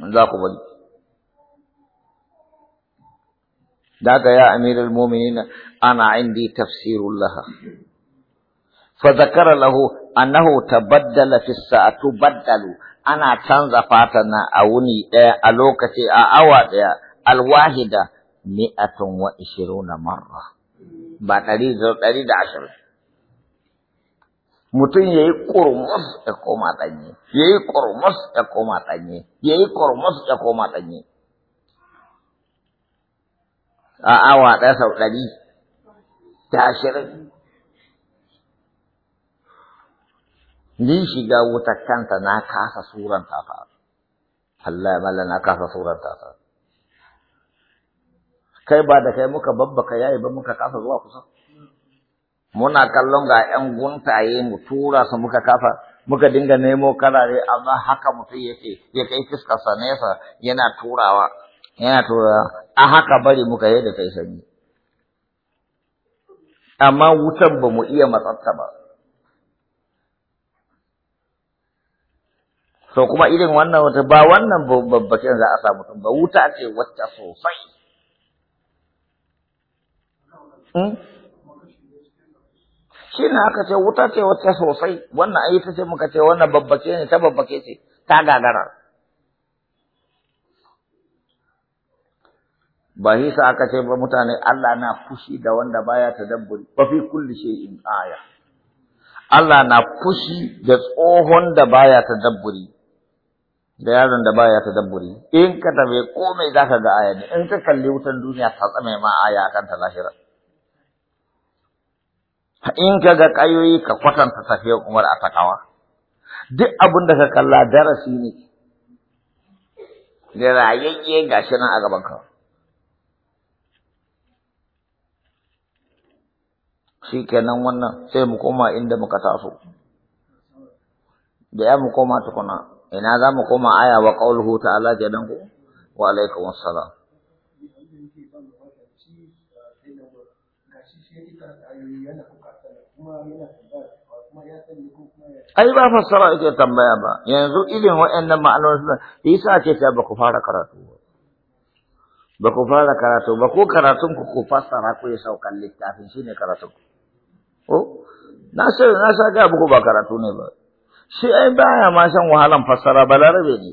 In za ku bari. ذاك يا أمير المؤمنين أنا عندي تفسير لها فذكر له annahu tabaddala fi sa'atu baddalu ana canza fatan na a wuni ɗaya a lokaci a awa ɗaya alwahida mi'atun wa ishiruna marra ba ɗari da ɗari da ashirin mutum ya yi kurmus ya koma ɗanye ya yi kurmus ya koma ɗanye ya yi kurmus ya koma ɗanye a awa ɗaya sau ɗari da ashirin ni shiga wuta kanta na kasa suranta ta Allah ya na kasa suranta ta kai ba da kai muka babbaka yayi ba muka kasa zuwa kusa muna kallon ga ƴan guntaye mu tura su muka kafa muka dinga nemo karare amma haka mutum yake ya kai nesa yana turawa yana turawa a haka bari muka yi da kai sanyi amma wutan ba mu iya matsatta ba so kuma irin wannan wata ba wannan babbacin za a samu tun ba wuta ce wata sosai hmm? shi ne aka ce wuta ce wata sosai wannan ai ta ce muka ce wannan babbace ne ta babbace ce ta gagara ba shi sa aka ce ba mutane Allah na fushi da wanda baya ta dabburi ba fi kulli in aya Allah na fushi da tsohon da baya ta dabburi. da yaron da baya ta dabburi in ka tabe komai zaka ga aya ne in ka kalli wutan duniya ta tsame ma aya akan ta lahira in ka ga kayoyi ka kwatanta tafiyar Umar a takawa duk abin da ka kalla darasi ne da rayayye gashi nan a gaban ka Shi kenan wannan sai mu koma inda muka taso da ya mu koma tukuna ina za mu koma aya wa ta ta'ala don ku wa alaikum assalam ai ba fassara yake tambaya ba yanzu irin waɗannan ma'anar suna isa ce ta ba ku fara karatu ba ba ku fara karatu ba ko karatun ku ku fassara ku ya saukan littafin shi ne karatun ku na sai na saka muku ba karatu ne ba shi ai baya ma shan wahalan fassara balarabe ne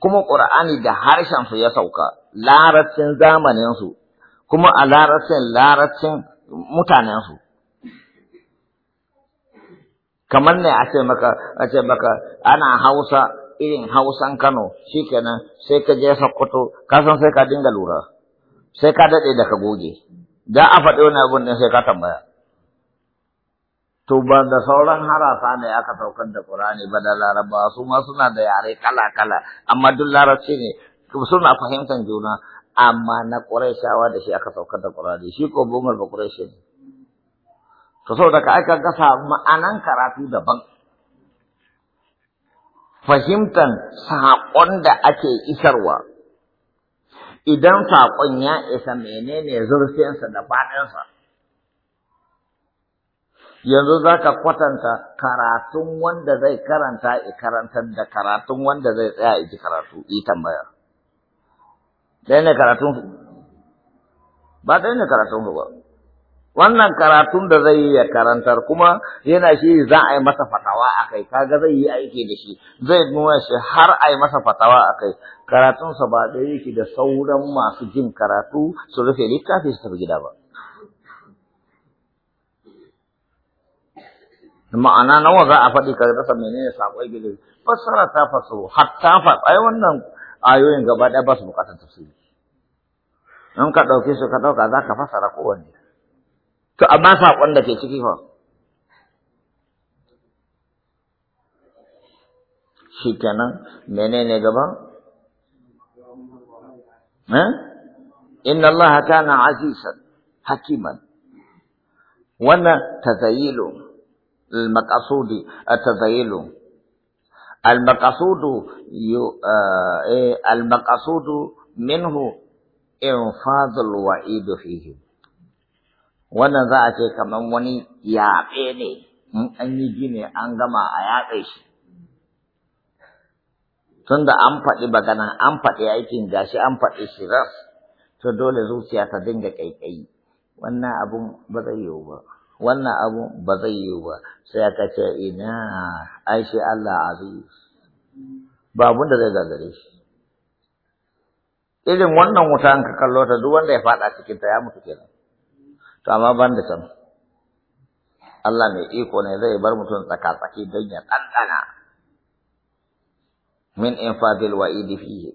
kuma qur'ani da harshen su ya sauka larabcin zamanin su kuma a larabcin larabcin mutanen su kamar ne a ce maka a ce maka ana Hausa irin Hausan Kano shikenan sai ka je Sokoto ka san sai ka dinga lura sai ka dade da ka goge da a faɗi wani abun ne sai ka tambaya to ba da sauran harasa ne aka saukar da ƙur'ani ba da Laraba su ma suna da yare kala-kala amma duk larabci ne suna fahimtar juna amma na Qurayshawa da shi aka saukar da Qur'ani shi ko bumar ba shi ne to saboda ka aka gasa ma'anan karatu daban fahimtar saƙon da ake isarwa idan saƙon ya isa menene zurfinsa da faɗinsa yanzu za ka kwatanta karatun wanda zai karanta a karantar da karatun wanda zai tsaya a ji karatu yi tambaya ɗaya ne karatun su ba ɗaya ne karatun su ba wannan karatun da zai yi ya karantar kuma yana shi za a yi masa fatawa a kai kaga zai yi aiki da shi zai nuna shi har a yi masa fatawa a kai karatunsa ba ɗaya yake da sauran masu jin karatu su rufe littafi su tafi gida ba ma'ana nawa za a faɗi ka rasa menene saƙon gidi fassara ta faso hatta fa ai wannan ayoyin gaba ɗaya ba su buƙatar tafsiri in ka ɗauke su ka ɗauka za ka fassara kowanne to amma saƙon da ke ciki fa shi kenan menene gaba eh? inna allaha kana azizan hakiman wannan tazayilu المقصود التذيل المقصود آه، إيه، المقصود منه انفاض الوعيد فيه وانا ذاتي كمان وني يا بيني اني جيني انغما يا بيش تند امفاد بغانا امفاد يا ايكين جاشي امفاد اشي راس تدول زوسيا تدنجا كي كي وانا ابو بغيوبا wannan abu ba zai yi ba sai aka ce ina ai shi Allah aziz ba abun da zai gagare shi irin wannan wuta an ka kallo ta duk wanda ya fada cikin ta ya mutu kenan to amma ban da san Allah mai iko ne zai bar mutum tsaka-tsaki don ya tantana min infadil wa'idi fihi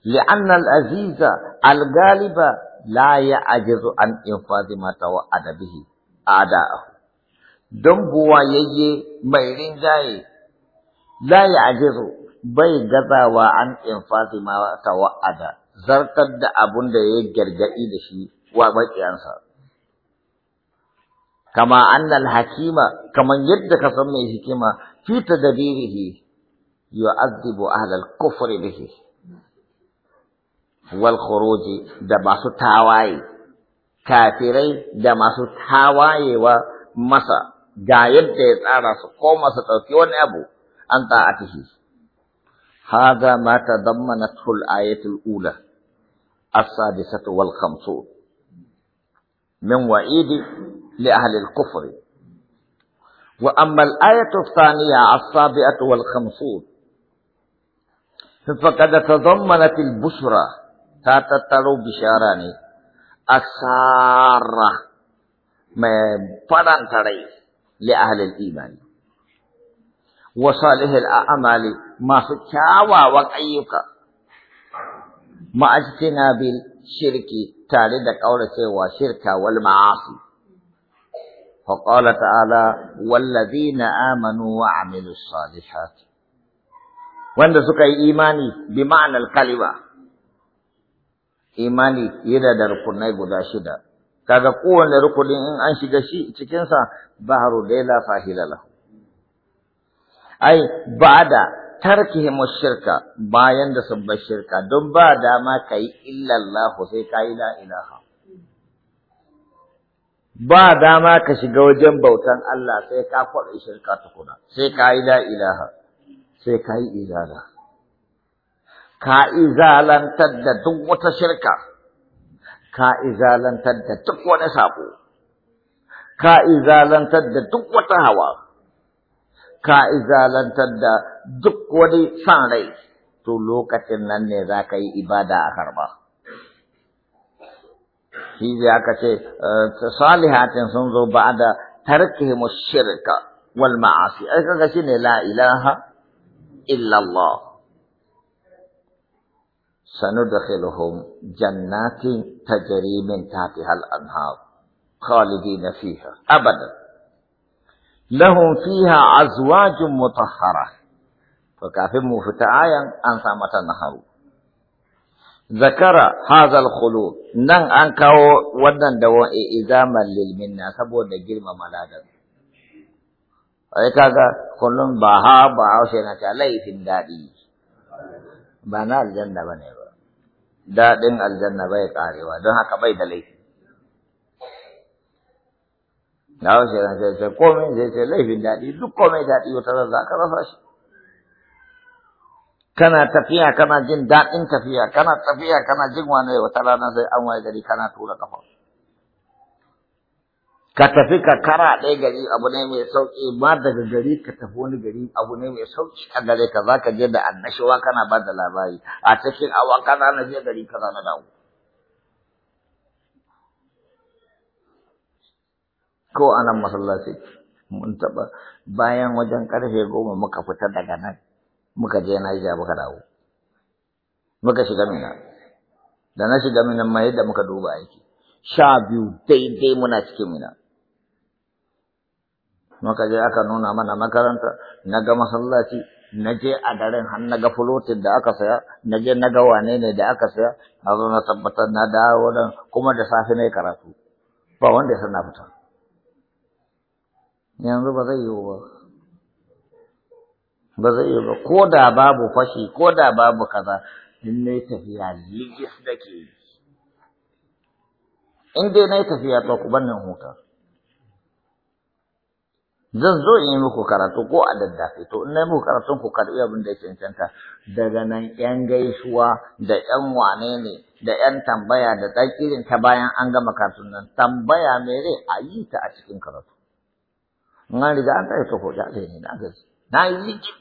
لأن العزيز الغالب لا يعجز عن إنفاذ ما توعد به ada don yayye mai rinjaye la ya'jizu bai gazawa an infasi ma tawa'ada zartar da abun da ya gargadi da shi wa maƙiyansa kama annal hakima kaman yadda ka san mai hikima fi tadbirihi yu'adhibu ahlal kufri bihi wal khuruji da masu tawaye kafirai da masu tawayewa masa ga yadda ya tsara su ko masa ɗauki wani abu an ta'atihi hadha ma tadammanathu al-ayatu al-ula as-sadisatu wal khamsun min wa'idi li ahli al-kufr wa amma al-ayatu ath-thaniya as-sabi'atu wal khamsun فقد تضمنت البشرى تتتلو بشارة السارة بدن تري لأهل الإيمان وصالح الأعمال ما في التاوى وقعيك ما أجتنا بالشرك تالدك أولا سوى شرك والمعاصي فقال تعالى والذين آمنوا وعملوا الصالحات وعند سكي إيماني بمعنى الكلمة imani yana da rukunai guda shida kaga kowane rukunin in an shiga shi cikin sa bahru dai la fahila la ai ba'da tarkihi mushrika bayan da sun shirka don ba dama kai illa Allah sai kai la ilaha ba dama ka shiga wajen bautan Allah sai ka kwaɗa shirka tukuna sai kai la ilaha sai kai ka izalantar da duk wata shirka ka izalantar da duk wani sabo ka izalantar da duk wata hawa ka izalantar da duk wani san rai to lokacin nan ne za ka yi ibada a karba shi zai aka ce eh, salihatin sun zo ba da tarke mu shirka wal ma'asi ai kaga ne la illallah سندخلهم جنات تجري من تحتها الأنهار خالدين فيها أبدا لهم فيها أزواج مطهرة فكافر موفت آية أن سامت النهار ذكر هذا الخلود نن نعم، أنكو ودن دو إذاما للمنى سبو نجر ممالادا ويكاغا كلهم باها باها شنك عليه في الدائي بنال الجنة بنيرو daɗin aljanna bai karewa don haka bai da laifi na wasu yana sai komai zai ce laifin daɗi duk komai daɗi wata za ka rasa shi kana tafiya kana jin daɗin tafiya kana tafiya kana jin wane wata rana sai an waye gari kana tura kafa ka tafi ka kara ɗaya gari abu ne mai sauƙi ba daga gari ka tafi wani gari abu ne mai sauƙi a gare ka za ka je da annashuwa kana ba da labari a cikin awa kana na je gari kana na dawo ko a nan masallaci mun taɓa bayan wajen ƙarfe goma muka fita daga nan muka je Naija muka dawo muka shiga mina da na shiga mina mai da muka duba aiki sha biyu daidai muna cikin mina muka je aka nuna mana makaranta na ga masallaci na je a garin har na ga fulotin da aka saya na je na ga wane ne da aka saya na zo na tabbatar na dawo nan kuma da safe na karatu ba wanda ya san na fita yanzu ba zai yiwu ba ba zai yiwu ba ko da babu fashi ko da babu kaza in na tafiya ligis da ke yi in dai na yi tafiya to ku ban nan zan zo in yi muku karatu ko a daddafe to in na yi muku karatun ku karɓi abin da ya cancanta daga nan yan gaisuwa da yan wane ne da yan tambaya da ɗan ta bayan an gama karatun nan tambaya me rai a yi ta a cikin karatu in an riga an tsaye ko da ne na gaji na yi liki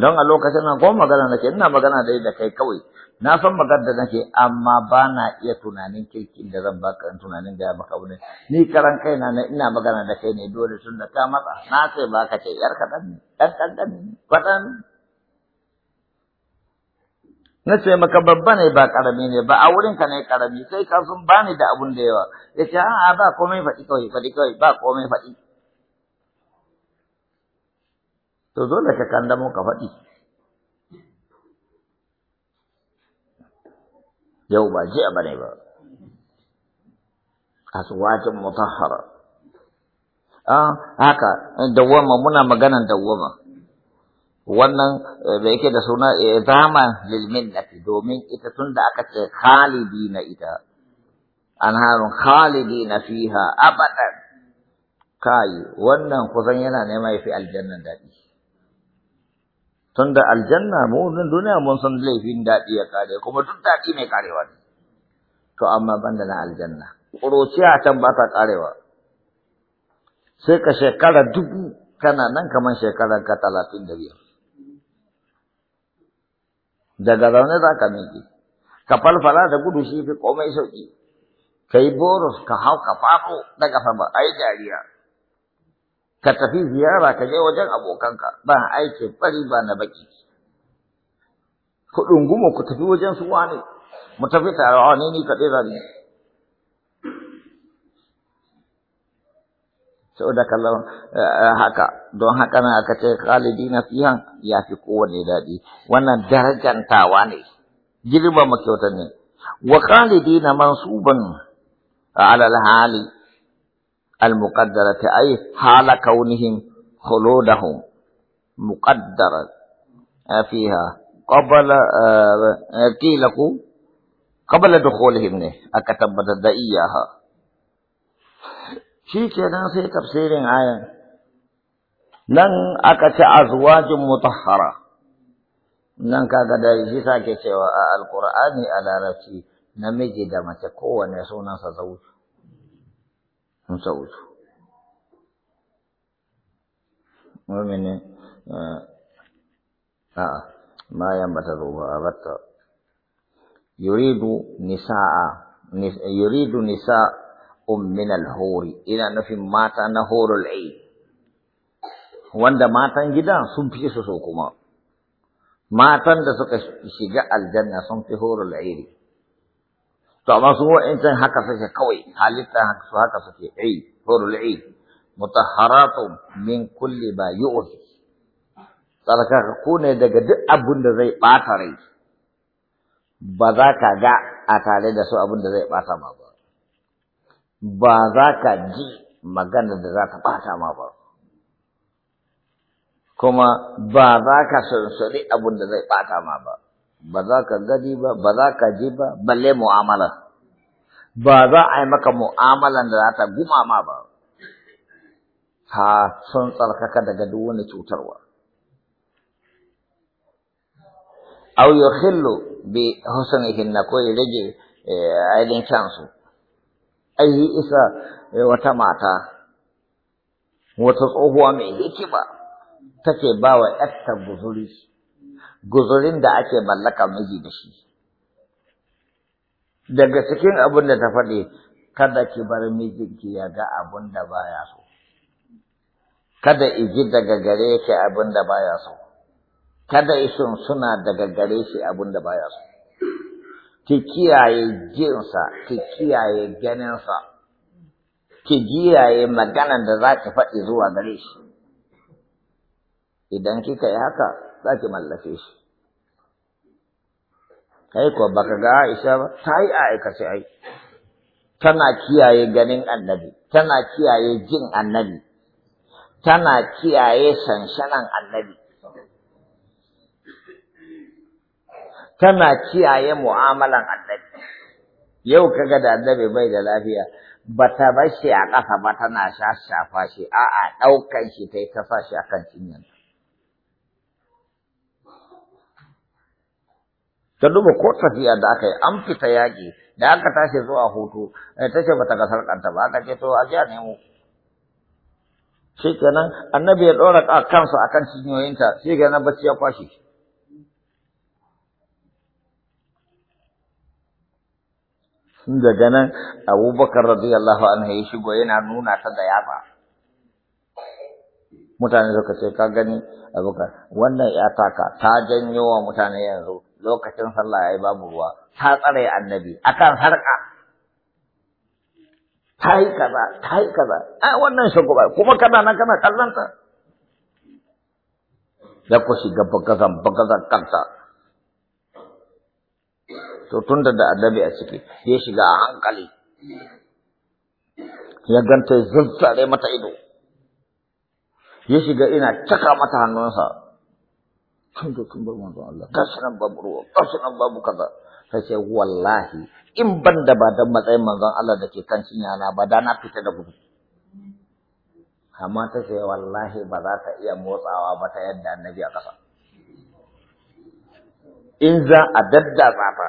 don a lokacin nan ko magana nake ina magana da dai da kai kawai na san magar da nake amma ba na iya tunanin kirkin da zan baka in tunanin da ya baka wani ni karan kaina na ina magana da kai ne dole tun da ta matsa na ce ba ka ce yar kaɗan ne ɗan ƙanƙan ne faɗan na ce maka babba ne ba ƙarami ne ba a wurin ka ne ƙarami sai ka sun ba ni da abun da yawa ya ce a'a ba komai faɗi kawai faɗi kawai ba komai faɗi to dole ka kandamo ka faɗi yau ba jiya bane ba aswajin mutahhara ah haka dawwama muna maganan dawwama wannan da yake da suna izama lil millati domin ita tunda aka ce khalidina ita anharun khalidina fiha abadan kai wannan kusan yana nema yafi aljannan dadi tunda aljanna mu nan duniya mun san laifin daɗi ya kare kuma duk daɗi mai karewa to amma banda na aljanna kuruciya can ba ta karewa sai ka shekara dubu kana nan kamar shekaran ka talatin da biyar daga zaune za ka miƙe ka falfala da gudu shi fi komai sauƙi ka yi boros ka hau ka faɗo daga fama ai dariya ka tafi ziyara ka je wajen abokanka ba aiki bari ba na baki ku ɗunguma ku tafi wajen su wane, mu tafi tare wani ni kaɗai zan yi saboda kallon eh, haka don haka na aka ce khalidi na fihan ya fi kowane daɗi wannan darajantawa ne girmama kyauta ne wa khalidi na mansuban alal hali المقدرة أي حال كونهم خلودهم مقدرة آه، فيها قبل آه، آه، قيلكو قبل دخولهم نه نعم، أكتبت دائياها شيء كنا سي تفسير آية لن أكت أزواج مطهرة لن كاكدا يجي ساكي سوى القرآن على رأسي نمجي دمت كوانا سونا سزوج مزوجه ومن ان آه،, آه ما ينبتذوها أبدا يريد نساء يريد نساء من الهور إلى نفي مات نهور العين wanda matan gida sun fi su so kuma matan da suka shiga aljanna sun fi horul airi to amma su wa'ancan haka suke kawai halitta su haka suke ai hurul ai mutahharatun min kulli ba yu'zi tsarkaka ku ne daga duk abin da zai ɓata rai ba za ka ga a tare da su abin da zai ɓata ma ba ba za ka ji magana da za ta ɓata ma ba kuma ba za ka sunsuri abin da zai ɓata ma ba ba za ka gani ba ba za ka ji ba balle mu'amala ba za a yi maka mu'amalan da za ta gumama ba ha sun tsarkaka daga duk wani cutarwa yi hillo bi husnihin Hinna ko ya rage eh, ainihin kyansu ai isa eh, wata mata wata tsohuwa mai hikima take ba wa ‘yarta buzuri guzurin da ake mallaka miji da shi daga cikin abin da ta faɗi kada ki bar mijinki ya ga abin da baya so kada iji daga gare ki abin da baya so kada isun suna daga gare shi abin da baya so ki kiyaye jinsa ki kiyaye ganinsa ki kiyaye maganan da za ki faɗi zuwa gare shi idan kika yi haka za ki mallake shi kai ko baka ga Aisha ba ta yi sai ai tana kiyaye ganin annabi tana kiyaye jin annabi tana kiyaye sanshanan annabi tana kiyaye mu'amalan annabi yau kaga da annabi bai da lafiya bata bar shi a ƙasa ba tana shafa shi a'a ɗaukan shi ta yi ta sa shi akan cinyanta Ta duba ko tafiya da aka yi an fita yaƙi da aka tashi zuwa hutu eh, ta ce bata gasar kanta ba aka ce to a jiya nemo shikenan annabi ya ɗora kansa akan cinyoyinta shikenan bacci ya kwashe daga nan abubakar radiyallahu anhu ya shigo yana nuna ta da yaba mutane suka ce ka gani abubakar wannan ya taka ta janyo wa mutane yanzu lokacin sallah yayi babu ruwa ta tsare annabi akan harka ta yi kaza ta yi kaza a wannan shugaba kuma kana nan kana kallon ta da ku shiga bagazan bagazan kanta to tunda da annabi a ciki ya shiga a hankali ya ganta zazzare mata ido ya shiga ina caka mata hannunsa tun da tun bar manzon Allah kashi nan babu ruwa kashi nan babu kaza sai ce wallahi in ban da ba dan matsayin manzon Allah da ke kan cinya na ba da na fita da gudu amma ta ce wallahi ba za ta iya motsawa ba ta yadda annabi a kasa, in za a daddatsa ta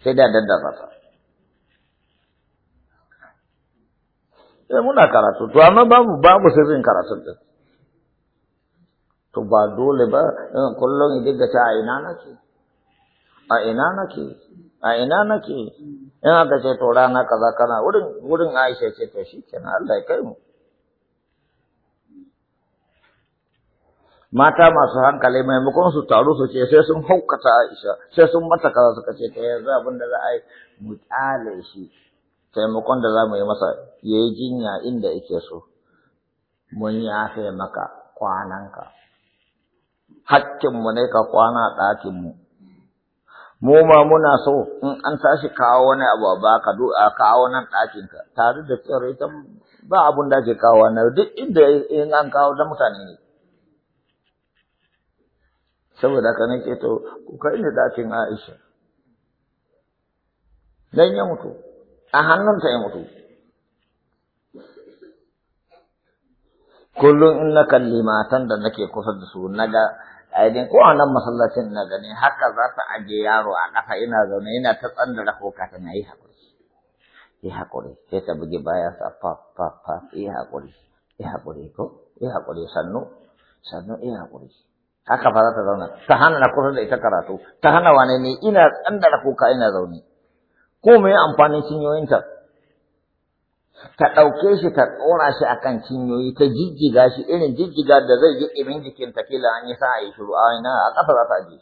sai da daddatsa ta sai eh, muna karatu to amma babu babu sirrin karatun din to ba dole ba kullum idan ka ta a ina nake a ina nake a ina nake in aka ce to rana kaza kana wurin wurin Aisha ce to shikenan Allah ya kai mu mata masu hankali maimakon su taru su ce sai sun haukata Aisha sai sun mata kaza suka ce ta yanzu abin da za a yi mu tsale shi taimakon da za mu yi masa ya yi jinya inda yake so mun yi yafe maka kwananka hakkinmu ne ka kwana ɗakinmu. Mu ma muna so in an tashi kawo wani abu a baka duk a kawo nan ɗakinka tare da tsirrai ba abun da ke kawo na duk inda in an kawo da mutane ne. Saboda ka nake to ku kai ni ɗakin Aisha. Dan ya mutu a hannunta ya mutu. kullum in na kalli matan da nake kusa da su na ga aidin ko a nan masallacin na gani haka za ta aje yaro a ƙasa ina zaune ina ta tsandara ko ka tana yi haƙuri yi haƙuri sai ta buge baya sa fa fa fa yi haƙuri yi haƙuri ko yi haƙuri sannu sannu yi haƙuri haka fa za ta zauna ta hana na kusa da ita karatu ta hana wane ne ina tsandara ko ka ina zaune ko me amfanin cinyoyinta ka ɗauke shi ka ƙora shi a kan cinyoyi ka jijjiga shi irin jijjiga da zai yi ɗimin jikin ta kila an yi sa a yi shiru a ina a ƙasa za ta je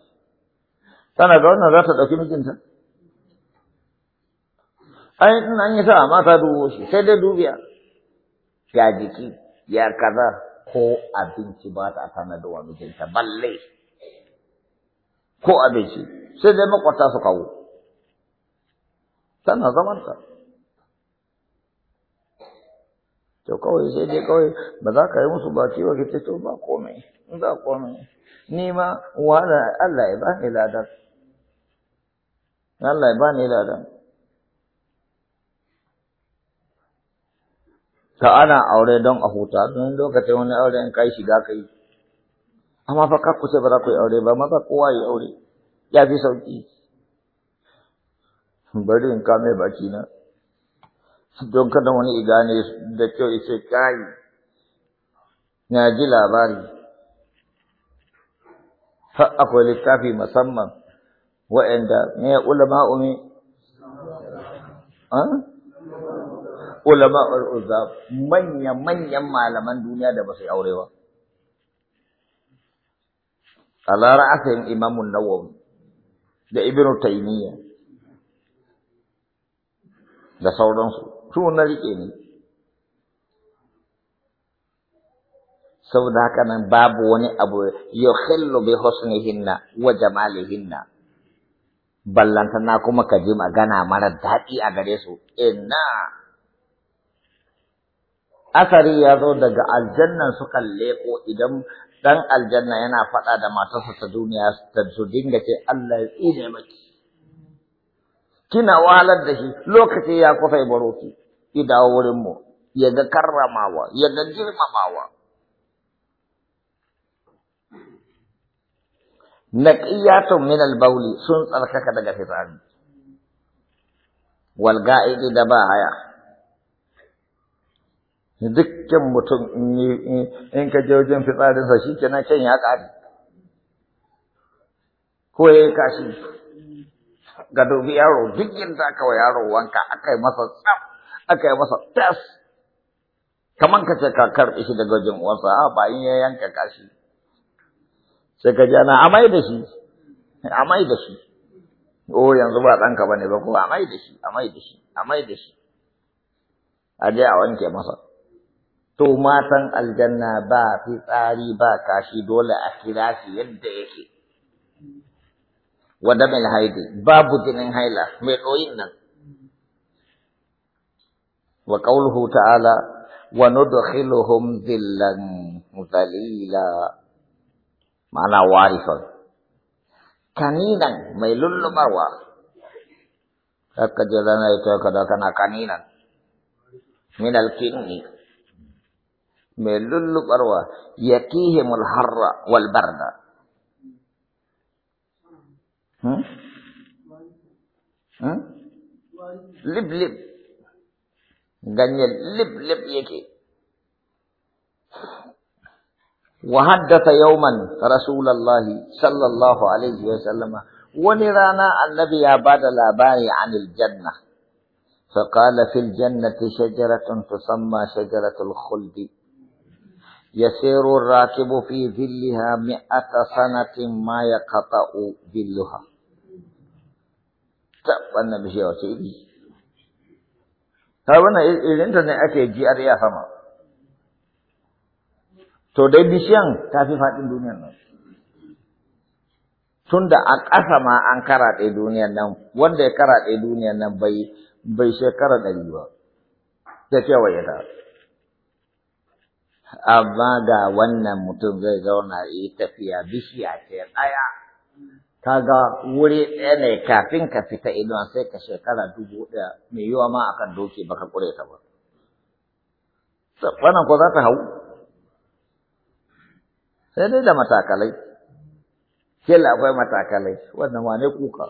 tana ga wannan za ta ɗauki mijinta ai in an yi sa amma ta dubo shi sai dai dubiya ya jiki ya kaza ko abinci ba ta sanar da wa mijinta balle ko abinci sai dai makwata su kawo tana zamanta. to kawai sai dai kawai ba za ka yi musu ba baki ba ce to ba komai in ba komai ni ma wala Allah ya ba ni ladan Allah ya ba ni ladan ka ana aure don a huta don lokacin wani aure in kai shiga kai amma fa ka kusa ba za ku yi aure ba maza kowa ya aure ya fi sauki bari in kame baki na don kada wani igane da kyau ce kai na ji labari fa akwai littafi musamman wa'anda ne ulama umi ulama al-uzza manya manyan malaman duniya da ba su aure ba ala imam imamun nawawi da ibnu taymiyya da sauransu su na riƙe ni saboda haka nan babu wani abu yukhillu bi husnihinna wa jamalihinna na kuma ka ji magana mara daɗi a gare su inna asari ya zo daga aljannan su ko idan ɗan aljanna yana faɗa da matarsa ta duniya ta su dinga ce Allah ya tsine maki kina walar da shi lokaci ya kufa ya baro ki ki wurin mu ya ga karramawa ya ga girmamawa naqiyatun min al-bawli sun tsarkaka daga fitsari wal ga'idi da ba haya dukkan mutum in ka je wajen fitsarinsa shi kenan can ya ƙare ko ya yi kashi ga dubi yaro duk yadda aka wa yaro wanka aka yi masa tsaf aka yi masa tes kaman ka ce ka karɓi shi daga wajen uwansa a bayan ya yanka kashi sai ka ji ana amai da shi amai da shi o yanzu ba ɗanka ba ne ba ko amai da shi amai da shi amai da shi a je a wanke masa to matan aljanna ba fitsari ba kashi dole a kira shi yadda yake wa damil haidi babu jinin haila mai ɗoyin nan wa qauluhu ta'ala wa nudkhiluhum dhillan dhalila ma'ana warifan kaninan mai lullumarwa haka je rana ita kada kana kaninan min alkinni mai ya yakihimul harra wal barna. لب لب دانيال لب لب يكي وحدث يوما رسول الله صلى الله عليه وسلم ونرانا النبي عباد الاباني عن الجنة فقال في الجنة شجرة تسمى شجرة الخلد يسير الراكب في ظلها مئة سنة ما يقطع ظلها tab wannan bishiya wace iri har wannan ta ne ake ji a sama to dai bishiyan ta fi faɗin duniyan nan tunda a ƙasa ma an karaɗe duniyan nan wanda ya karaɗe duniyan nan bai bai shekara ɗari ba ya wa ta amma ga wannan mutum zai zauna yi tafiya bishiya ce ɗaya kaga wuri ɗaya ne kafin ka fita inuwa sai ka shekara dubu ɗaya mai yiwa ma akan doki baka ƙure ta ba wannan ko za ta hau sai dai da matakalai kila akwai matakalai wannan wane kuka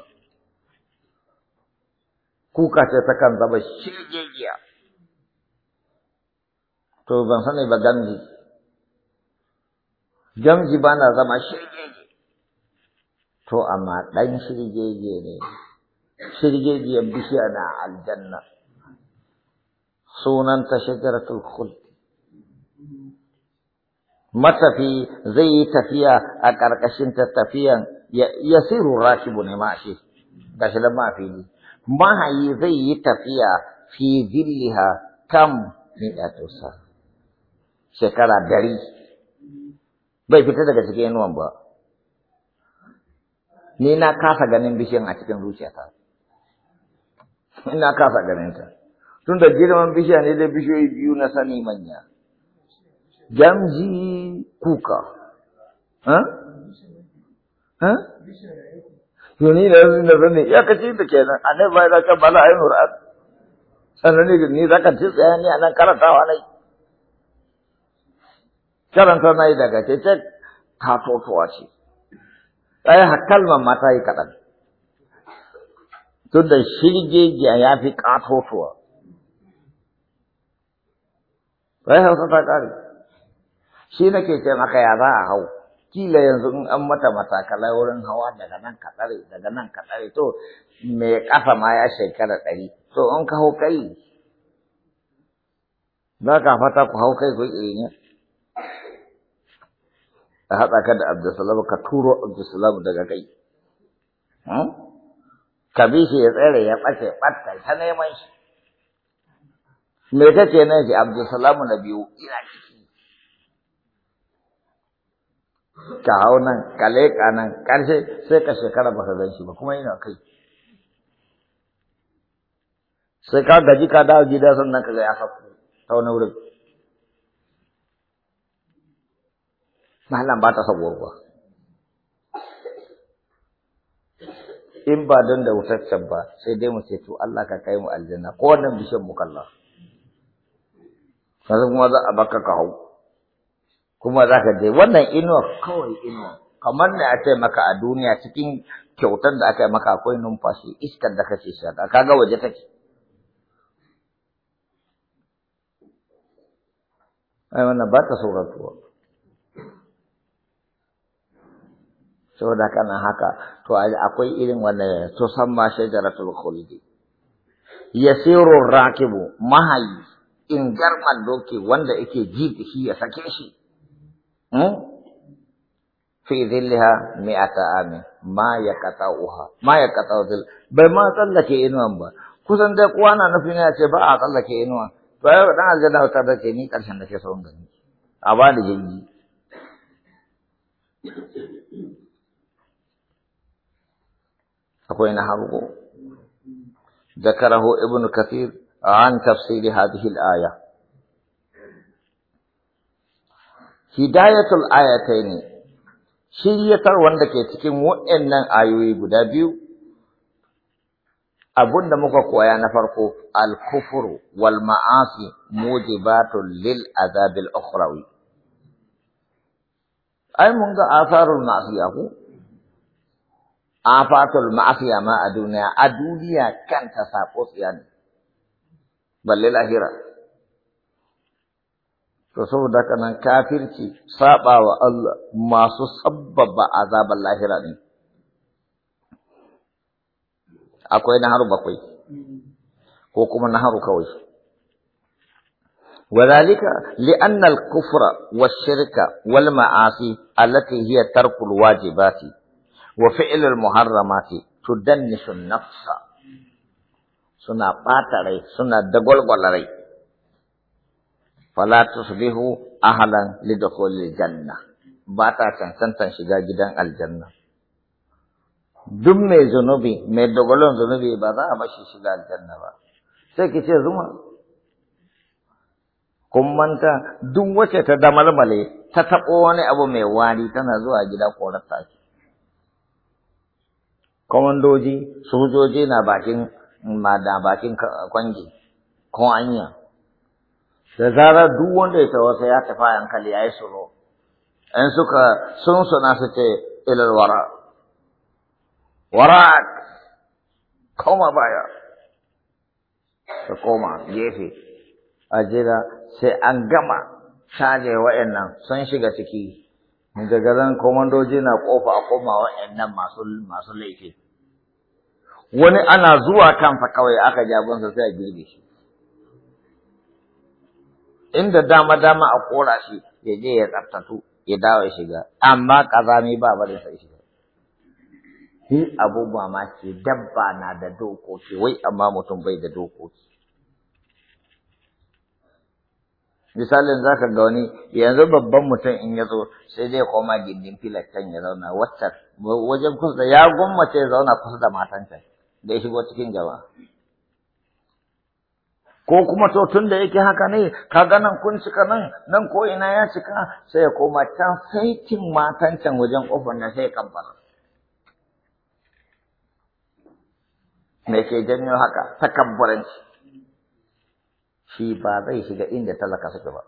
kuka ce ta kan zama shirgegiya to ban sani ba gamji gamji ba na zama shirgegiya to amma ɗan shirgege ne shirgegiyar bishiya na aljanna sunanta shajaratul khuld matafi zai yi tafiya a ƙarƙashin ta tafiyan ya siru rakibu ne mashi ga shi da fili? mahayi zai yi tafiya fi zilliha kam ni ɗatosa shekara dari bai fita daga cikin yanuwan ba ni na kasa ganin bishiyan a cikin zuciyata ina kasa ganin ta tun da girman bishiya ne da bishiyoyi biyu na sani manya jamji kuka ha da yanzu da zane ya kace da kenan anai bai da ka bala ayin qur'an sannan ne ni zaka ci tsaya ne anan karantawa nai karanta yi daga ce ce ka totowa ce ai kalmar mata yi kaɗan tun da shirgegiya ya fi ƙatotuwa ai hausa ta ƙare shi nake ce maka ya za a hau kila yanzu in an mata matakalai wurin hawa daga nan ka tsare daga nan ka tsare to mai ƙasa ma ya shekara ɗari to in ka hau kai za ka fata ku hau kai ku iya a haɗa ka da Abdulsalam ka turo Abdulsalam daga kai hmm? ka bi shi ya tsere ya ɓace ɓatta ta neman shi me ta ce ne shi Abdulsalam na biyu ina shi. ka hau nan ka leƙa nan ƙarshe sai ka shekara ba ka gan shi ba kuma ina kai sai ka gaji ka dawo gida sannan ka ga ya sauko ta wani wurin malam ba ta ba. in ba don da wutaccen ba sai dai mu ce to Allah ka kai mu aljanna ko wannan bishiyar mu kalla kaza kuma za a baka ka hau kuma za ka je wannan inuwa kawai inuwa kamar da a ce maka a duniya cikin kyautar da aka yi maka akwai numfashi iskar da kake shaka kaga waje take ai wannan ba ta sauratuwa saboda kana haka to akwai irin wannan to san ma shajaratul khuldi yasirur rakibu mahayi in garman doki wanda yake ji shi ya sake shi hmm? fi zillaha mi'ata amin ma yaqta'uha ma yaqta'u zil bai ma tsallake inuwan ba kusan dai kuwa na nufin ya ce ba a tsallake inuwa to ai dan aljanna ta da ce ni karshen da ke sauran gani a ba da jinji akwai na karaho Ibn ابن A عن تفسير هذه الآية هداية الآيتين shiryatar wanda ke cikin waɗannan ayoyi guda biyu abun da muka koya na farko al-kufru wal ma'asi mujibatun lil azabil ukhrawi ai mun ga asarul ma'siya ku afatul ma'asiya ma a adunia a duniya kanta sako tsiya ne balle lahira to saboda haka nan kafirci saba wa Allah masu sabbaba al-akhirah ne akwai na haru bakwai ko kuma na haru kawai وذلك لأن الكفر والشرك والمعاصي التي هي ترك الواجبات wa fi'lul muharramati tudannisu nafsa suna ɓata rai suna dagwalgwala rai fala tusbihu ahlan lidukhulil janna ba ta shiga gidan aljanna Dum mai zunubi mai dagwalon zunubi ba za a bashi shiga aljanna ba sai ki ce zuma kun manta duk wace ta damalmale ta taɓo wani abu mai wari tana zuwa gida korarta komandoji sojoji na bakin na bakin kwangi ko anya da zara duk wanda ya tawasa ya tafi hankali ya yi tsoro Yan suka sun suna su ce ilal wara wara koma baya su koma gefe a jira sai an gama caje wa'annan sun shiga ciki daga nan komandoji na kofa a koma wa'annan masu masu laifi wani ana zuwa kanfa kawai aka jabansa sai a girbe shi inda dama dama a kora shi ya je ya tsaftatu ya dawo ya shiga amma kazami ba barin sai shiga shi abu mamaki dabba na da dokoki wai amma mutum bai da dokoki misalin za ka ga wani yanzu babban mutum in ya zo sai zai koma gindin filar ya zauna waccan wajen kusa ya gwammace ya zauna kusa da matan can da ya shigo cikin jama'a ko kuma to tun da yake haka ne ka ga nan kun cika nan nan ko ina ya cika sai ya koma can saikin matan can wajen kofar nan sai ya kambara, me ke janyo haka takabbaranci shi ba zai shiga inda talaka suke ba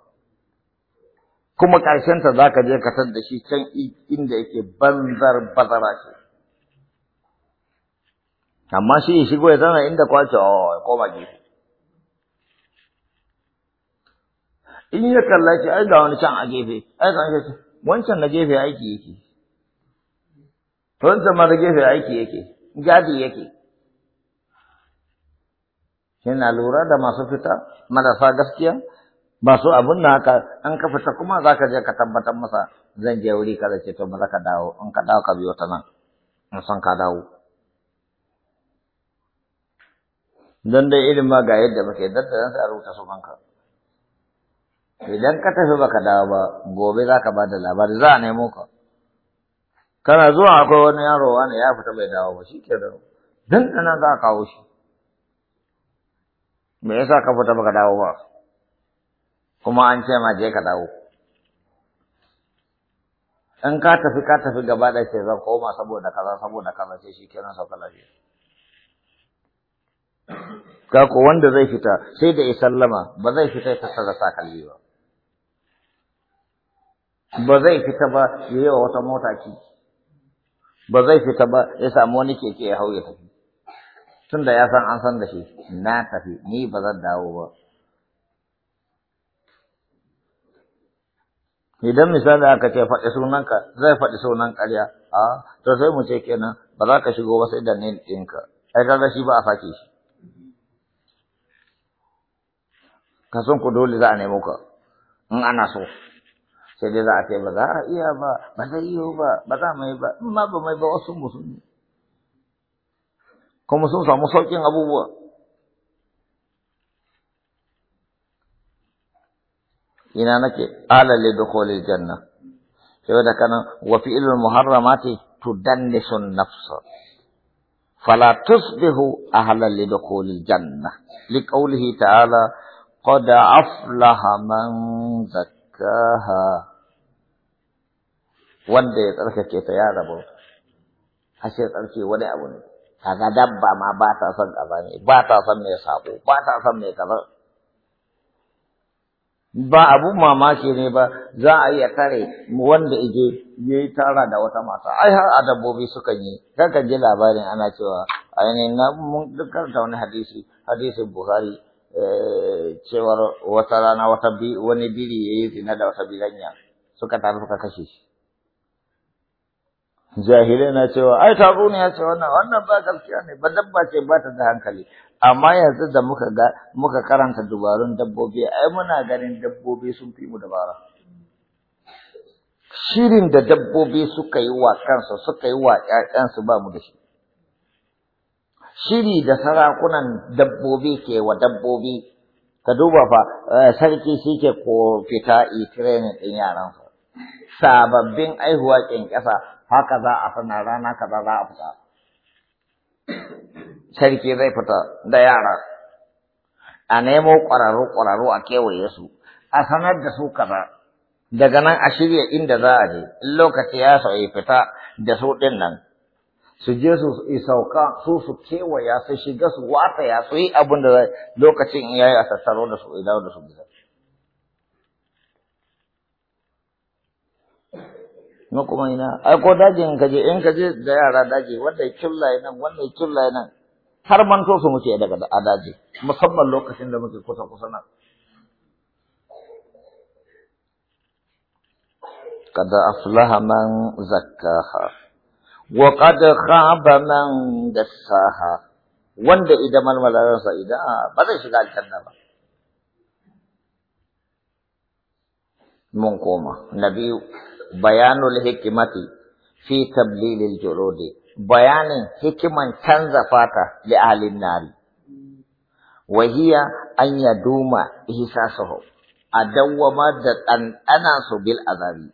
kuma ƙarshenta za ka je ka tar da shi can inda yake banzar bazara shi amma shi ya shigo ya zana inda kwace oh, a koma gefe in ya kalla shi ai ga wani can a gefe ai ga wani wancan na gefe aiki yake wancan ma da gefe aiki yake gadi yake yana lura da masu fita marasa gaskiya ba su da haka an ka fita kuma za ka je ka tabbatar masa zan je wuri ka ce to ba ka dawo in ka dawo ka biyo ta nan in san ka dawo don dai irin ma ga yadda muke daddadan sai a rubuta su banka idan ka tafi baka dawo ba gobe za ka ba da labari za a nemo ka kana zuwa akwai wani yaro wani ya fita bai dawo ba shi ke da dandana za a kawo shi me yasa ka fita baka dawo ba kuma an ce ma je ka dawo in ka tafi ka tafi gaba da ke zan koma saboda kaza saboda kaza sai shi kenan sauka lafiya ka ko wanda zai fita sai da isallama ba zai fita ya tattara takalmi ba ba zai fita ba ya yi wa wata mota ki ba zai fita ba ya samu wani keke ya hau ya tafi tunda ya san an san da shi na tafi ni ba zan dawo ba idan misali aka ce faɗi sunanka zai faɗi sunan ƙarya a to sai mu ce kenan ba za ka shigo ba sai da ne ɗinka ai kaga shi ba a sake shi ka san ku dole za a nemo ka in ana so sai dai za a ce ba za a iya ba ba zai yiwu ba ba za mai ba in ma ba mai ba wasu musulmi Kau sama sun yang Abu buat. ina nake alale dukhulil janna saboda kana wa fi'lul muharramati tudannisun nafsa fala tusbihu ahlan lidukhulil janna liqawlihi ta'ala qad aflaha man zakkaha wanda ya tsarkake ta ya rabo ashe tsarki wani abu ne kaga dabba ma ba ta son ne ba ta son mai sako ba ta son mai kaza ba abun mamaki ne ba za a iya tare wanda ije ya yi tara da wata mata ai har a dabbobi sukan yi kan ji labarin ana cewa ainihin na mun dukkan da wani hadisi hadisin buhari eh, cewar wata rana wani biri ya yi zina da wata biranya suka taru suka kashe shi jahilai na cewa ai ya ce wannan wannan ba gaskiya ne ba dabba ce ba ta da hankali amma yanzu da muka ga muka karanta dubarun dabbobi ai muna ganin dabbobi sun fi mu dabara shirin da dabbobi suka yi wa kansu suka yi wa ƴaƴansu ba mu da shi shiri da sarakunan dabbobi ke wa dabbobi ka duba fa eh, sarki shi ke ko fita itirenin ɗin yaransa sababbin aihuwa ƙyanƙyasa haka za a sana rana kaza za a fita sarki zai fita da yara a nemo ƙwararru ƙwararru a kewaye su a sanar da su kaza daga nan a shirya inda za a je in lokaci ya sauyi fita da su ɗin nan su je su sauka su su kewaya su shiga su wata ya su yi abin da lokacin ya yi a tattaro da su idan da su gida kuma ina ai ko dajin ka je in ka da yara daji wanda ya nan wanda ya nan har manto su muke daga a daji musamman lokacin da muke kusa kusa nan aflaha man zakkaha wa qad khaba man dassaha wanda idan sa, idan ba zai shiga aljanna ba mun koma na biyu bayanul hikimati fi tablilil juludi bayanin hikiman canza fata li ahlin nari wa hiya an yaduma ihsasuhu a dawwama da ɗanɗana su bil azabi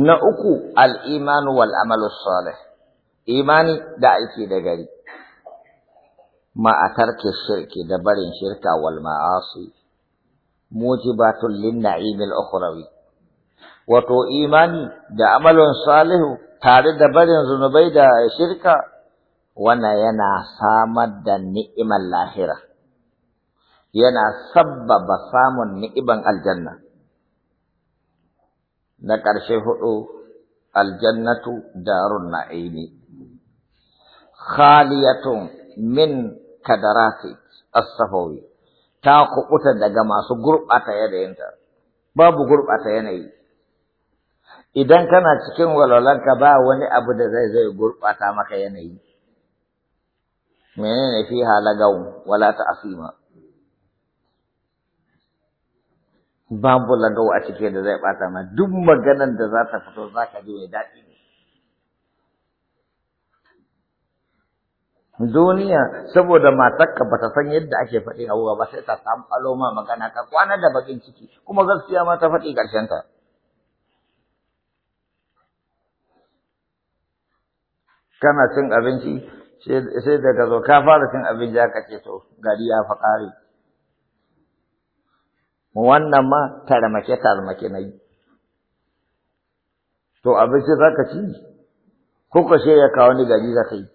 na uku al-imanu wal amalu imani da aiki da gari ma a shirki da barin shirka wal ma'asi موجبات للنعيم الاخروي وتو ايمان ده عمل صالح تار ده بدن ذنوبي ده شركا وانا ينا سامد ده نعم اللاهرة ينا سبب سامن نعم الجنة نكر شهو الجنة دار النعيم خالية من كدرات الصفوي ta kuɓuta daga masu gurɓata yanayinta babu gurɓata yanayi idan kana cikin walwalanka ba wani abu da zai zai gurɓata maka yanayi menene fi halagau wala ta asima babu lagau a cike da zai ɓata ma duk maganan da za ta fito za ka ji mai daɗi duniya saboda matarka bata san yadda ake faɗi a wuwa ba sai ta samu aloma magana ka kwana da bakin ciki kuma gaskiya ma ta faɗi ƙarshen ta kana cin abinci sai daga zo ka fara cin abinci aka ce to gari ya fa ƙare wannan ma tarmake tarmake na yi to abinci za ka ci ko ka ya kawo ni gari za ka yi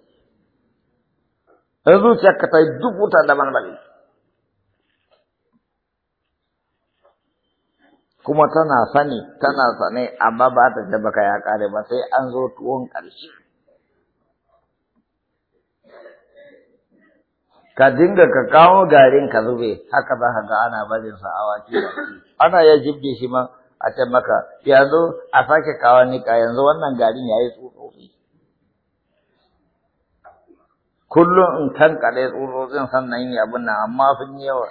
sai zuciyarka ta yi duk wuta daban-daban kuma tana sani tana sane amma ba ta baka ya kare ba sai an zo tuwon ƙarshe ka dinga ka kawo garin ka zube haka za ka ga ana barin sa awaki ana ya jibge shi ma a ce maka yanzu a sake kawo niƙa yanzu wannan garin ya yi kullum in tankaɗe tsutsotsin sannan yin abin nan amma sun yi yawa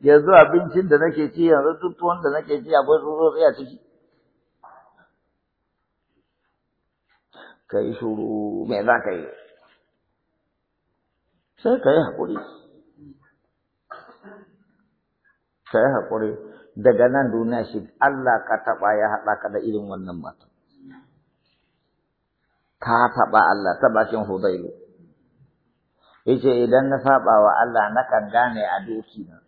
yanzu abincin da nake ci yanzu duk da nake ci akwai tsutsotsi a ciki ka yi shuru me za ka yi sai ka yi haƙuri ka yi haƙuri daga nan duniya shi Allah ka taɓa ya haɗa ka da irin wannan matan ka taɓa Allah ta bakin Hudailu yace idan na saba wa Allah nakan gane a doki na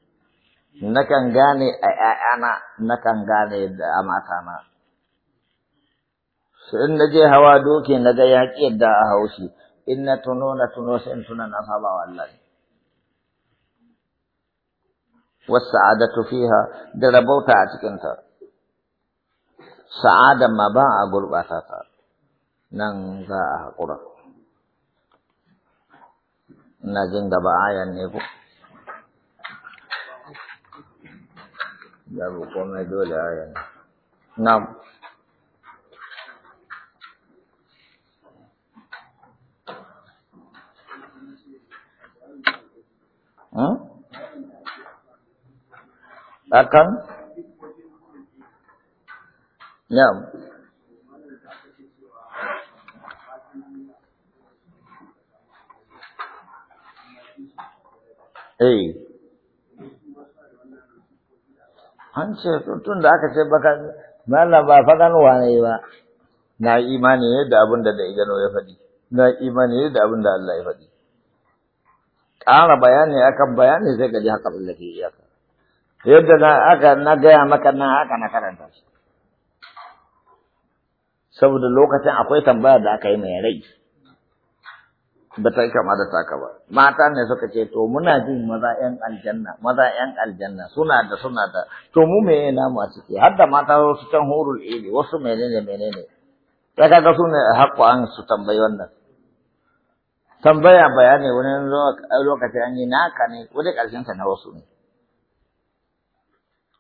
nakan gane a ƴaƴana nakan gane a matana sai in naje hawa doki na ga yaƙi yadda a haushi in na tuno na tuno sai in tuna na saba wa Allah wasa'adatu fiha da rabauta a ta, sa'adan ma ba a gurɓata ta nan za a haƙura ina jin gaba ayan ne ko babu komai dole ayan na'am hmm? akan na'am eh an ce tun da aka ce baka mallam ba fadan wane ba na imani ne da abin da da igano ya faɗi na imani ne da abin da Allah ya faɗi ƙara bayani akan bayani sai gaji haka Allah ke iyaka yadda na aka na gaya maka na haka na karanta shi saboda lokacin akwai tambaya da aka yi mai rai ba ta kama da taka ba mata ne suka ce to muna jin maza ƴan aljanna maza ƴan aljanna suna da suna da to mu me yana mu a ciki har da mata su can hurul ili wasu menene menene daga ga su ne an su tambayi wannan tambaya bayani wani lokaci an yi naka ne wani ƙarshen sa na wasu ne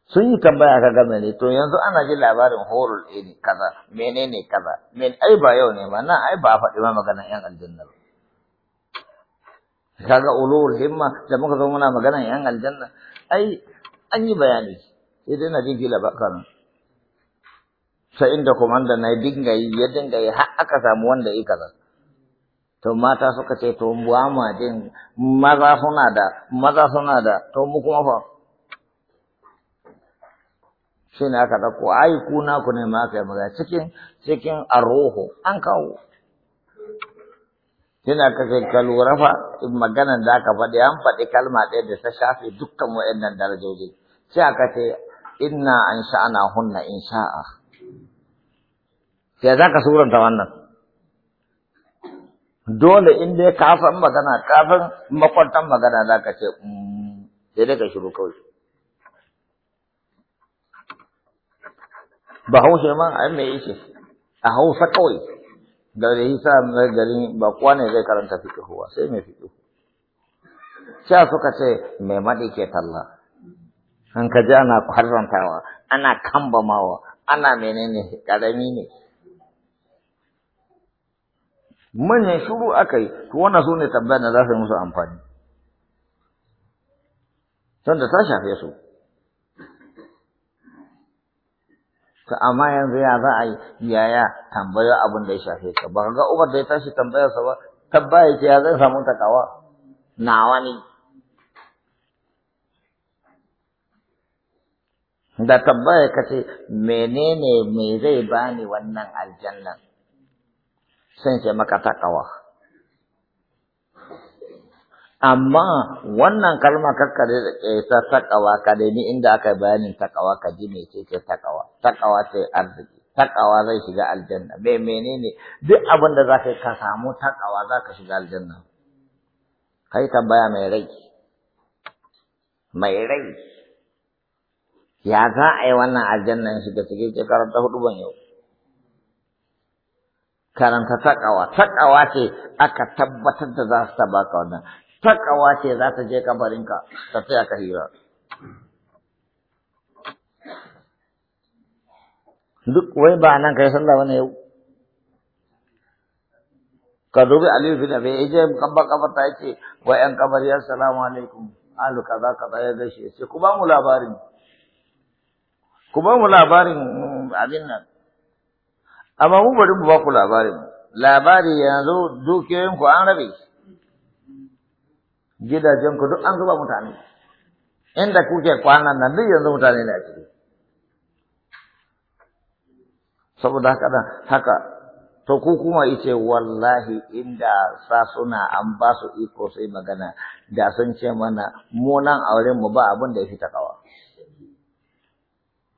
sun yi tambaya ka game ne to yanzu ana ji labarin horul ili kaza menene kaza men ai ba yau ne ba na ai ba faɗi ma maganar yan aljanna ba kaga ulul himma da muka zo muna magana yan aljanna ai an yi bayani sai dai na jin la bakar sai inda komanda na dinga yi ya dinga yi har aka samu wanda yake kaza to mata suka ce to buwa ma din maza suna da maza suna da to mu kuma fa shi ne aka dauko ai kuna ku ne ma aka yi magana cikin cikin aroho an kawo yana kake ka lura fa maganan da aka faɗi an faɗi kalma ɗaya da ta shafe dukkan wa'annan darajoji sai aka ce inna an sha'ana hunna in sha'a sai za ka suranta wannan dole in dai ka san magana ka san makwantan magana za ka ce mm, sai dai ka shiru kawai bahaushe ma ai me yake a hausa kawai da da yasa mai garin ba kowa ne zai karanta fiqh ba sai mai fiqh sha suka ce mai madi ke talla an na ana kwarantawa ana kambamawa ana menene karami ne manyan shuru aka yi to wannan su ne tambayar da za su yi musu amfani sanda ta shafe su to amma yanzu ya za a yi yaya tambayo abin da ya shafe ka ba ga Ubar da ya tashi tambayarsa ba tabbaya ce ya zai samu takawa nawa ne da tabbaya ka ce menene me zai bani wannan aljannan sun ce maka takawa amma wannan kalma kakkare da ƙesa takawa ka ni inda aka bayanin takawa ka ji mai ce ce takawa takawa ce arziki takawa zai shiga aljanna me menene duk abin da zaka ka samu takawa zaka shiga aljanna kai tambaya mai rai mai rai ya za a yi wannan aljannan shiga cikin shekarar ta hudu ban yau karanta takawa takawa ce aka tabbatar da za su taba ka wannan takawa ce za ta je kabarinka ta tsaya ka hira. Duk wai ba nan kai sanda wani yau. Ka dubi Aliyu bin Abi ya je kabba kabba ta ce wa ƴan kabari assalamu alaikum alu kaza kaza ya gaishe sai ku ba mu labarin. Ku ba mu labarin abin nan. Amma mu bari mu ba ku labarin. Labari yanzu dukiyoyinku an rabe shi. gidajen ku duk an zuba mutane inda kuke kwana nan duk yanzu mutane ne a ciki saboda haka da haka to ku kuma ice wallahi inda sa suna an ba su iko sai magana da sun ce mana mu nan auren mu ba abin da ya fi takawa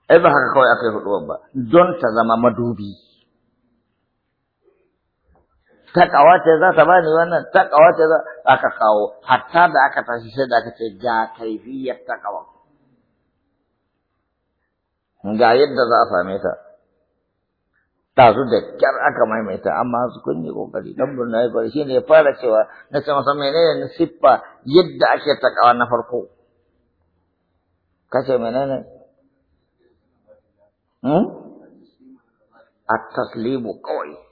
ai ba haka kawai aka yi ba don ta zama madubi takawa ce za ta bani wannan takawa ce za aka kawo hatta da aka tashi sai da aka ce ga kaifiyar takawa ga yadda za a same ta ta su da kyar aka maimaita amma su kun yi kokari dan burna ya bari shine ya fara cewa na ce masa menene na siffa yadda ake takawa na farko kace menene hmm at-taslimu kawai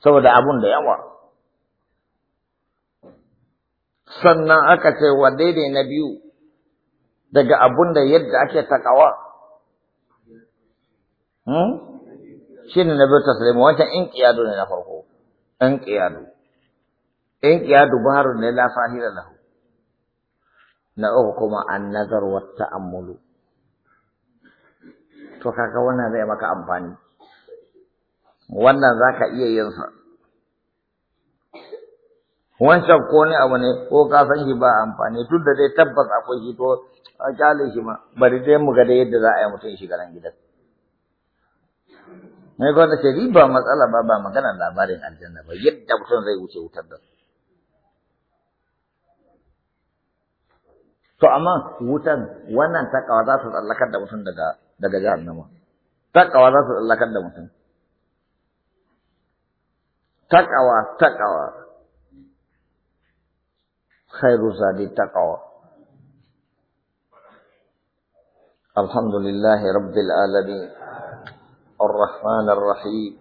saboda abun da yawa sannan aka ce wa daidai na biyu daga abun da yadda ake takawa hmm? shi ne na biyu taslimu wancan in ƙiyado ne na farko in ƙiyado in ƙiyado Buhari ne la fahira lahu na uku kuma an nazar ta'ammulu to kaga wannan zai maka amfani wannan za ka iya yin sa wancan ko ne abu ne ko ka san shi ba amfani tun da dai tabbas akwai shi to a kyale shi ma bari dai mu ga yadda za a yi mutum shi garan gidan mai gwada ce riba matsala ba ba maganar labarin aljanna ba yadda mutum zai wuce wutar da to amma wutan wannan takawa za su tsallakar da mutum daga jihar nama, takawa za su tsallakar da mutum تقوى تقوى خير زاد التقوى الحمد لله رب العالمين الرحمن الرحيم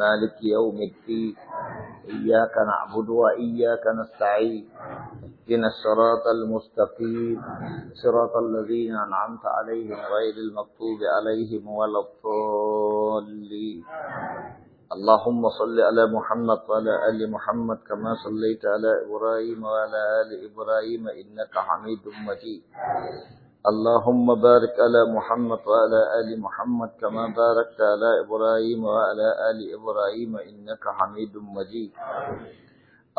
مالك يوم الدين إياك نعبد وإياك نستعين اهدنا الصراط المستقيم صراط الذين أنعمت عليهم غير المغضوب عليهم ولا الضالين اللهم صل على محمد وعلى آل محمد كما صليت على إبراهيم وعلى آل إبراهيم إنك حميد مجيد اللهم بارك على محمد وعلى آل محمد كما باركت على إبراهيم وعلى آل إبراهيم إنك حميد مجيد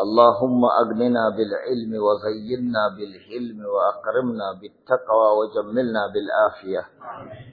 اللهم أغننا بالعلم وزيننا بالحلم وأكرمنا بالتقوى وجملنا بالآفية آمين.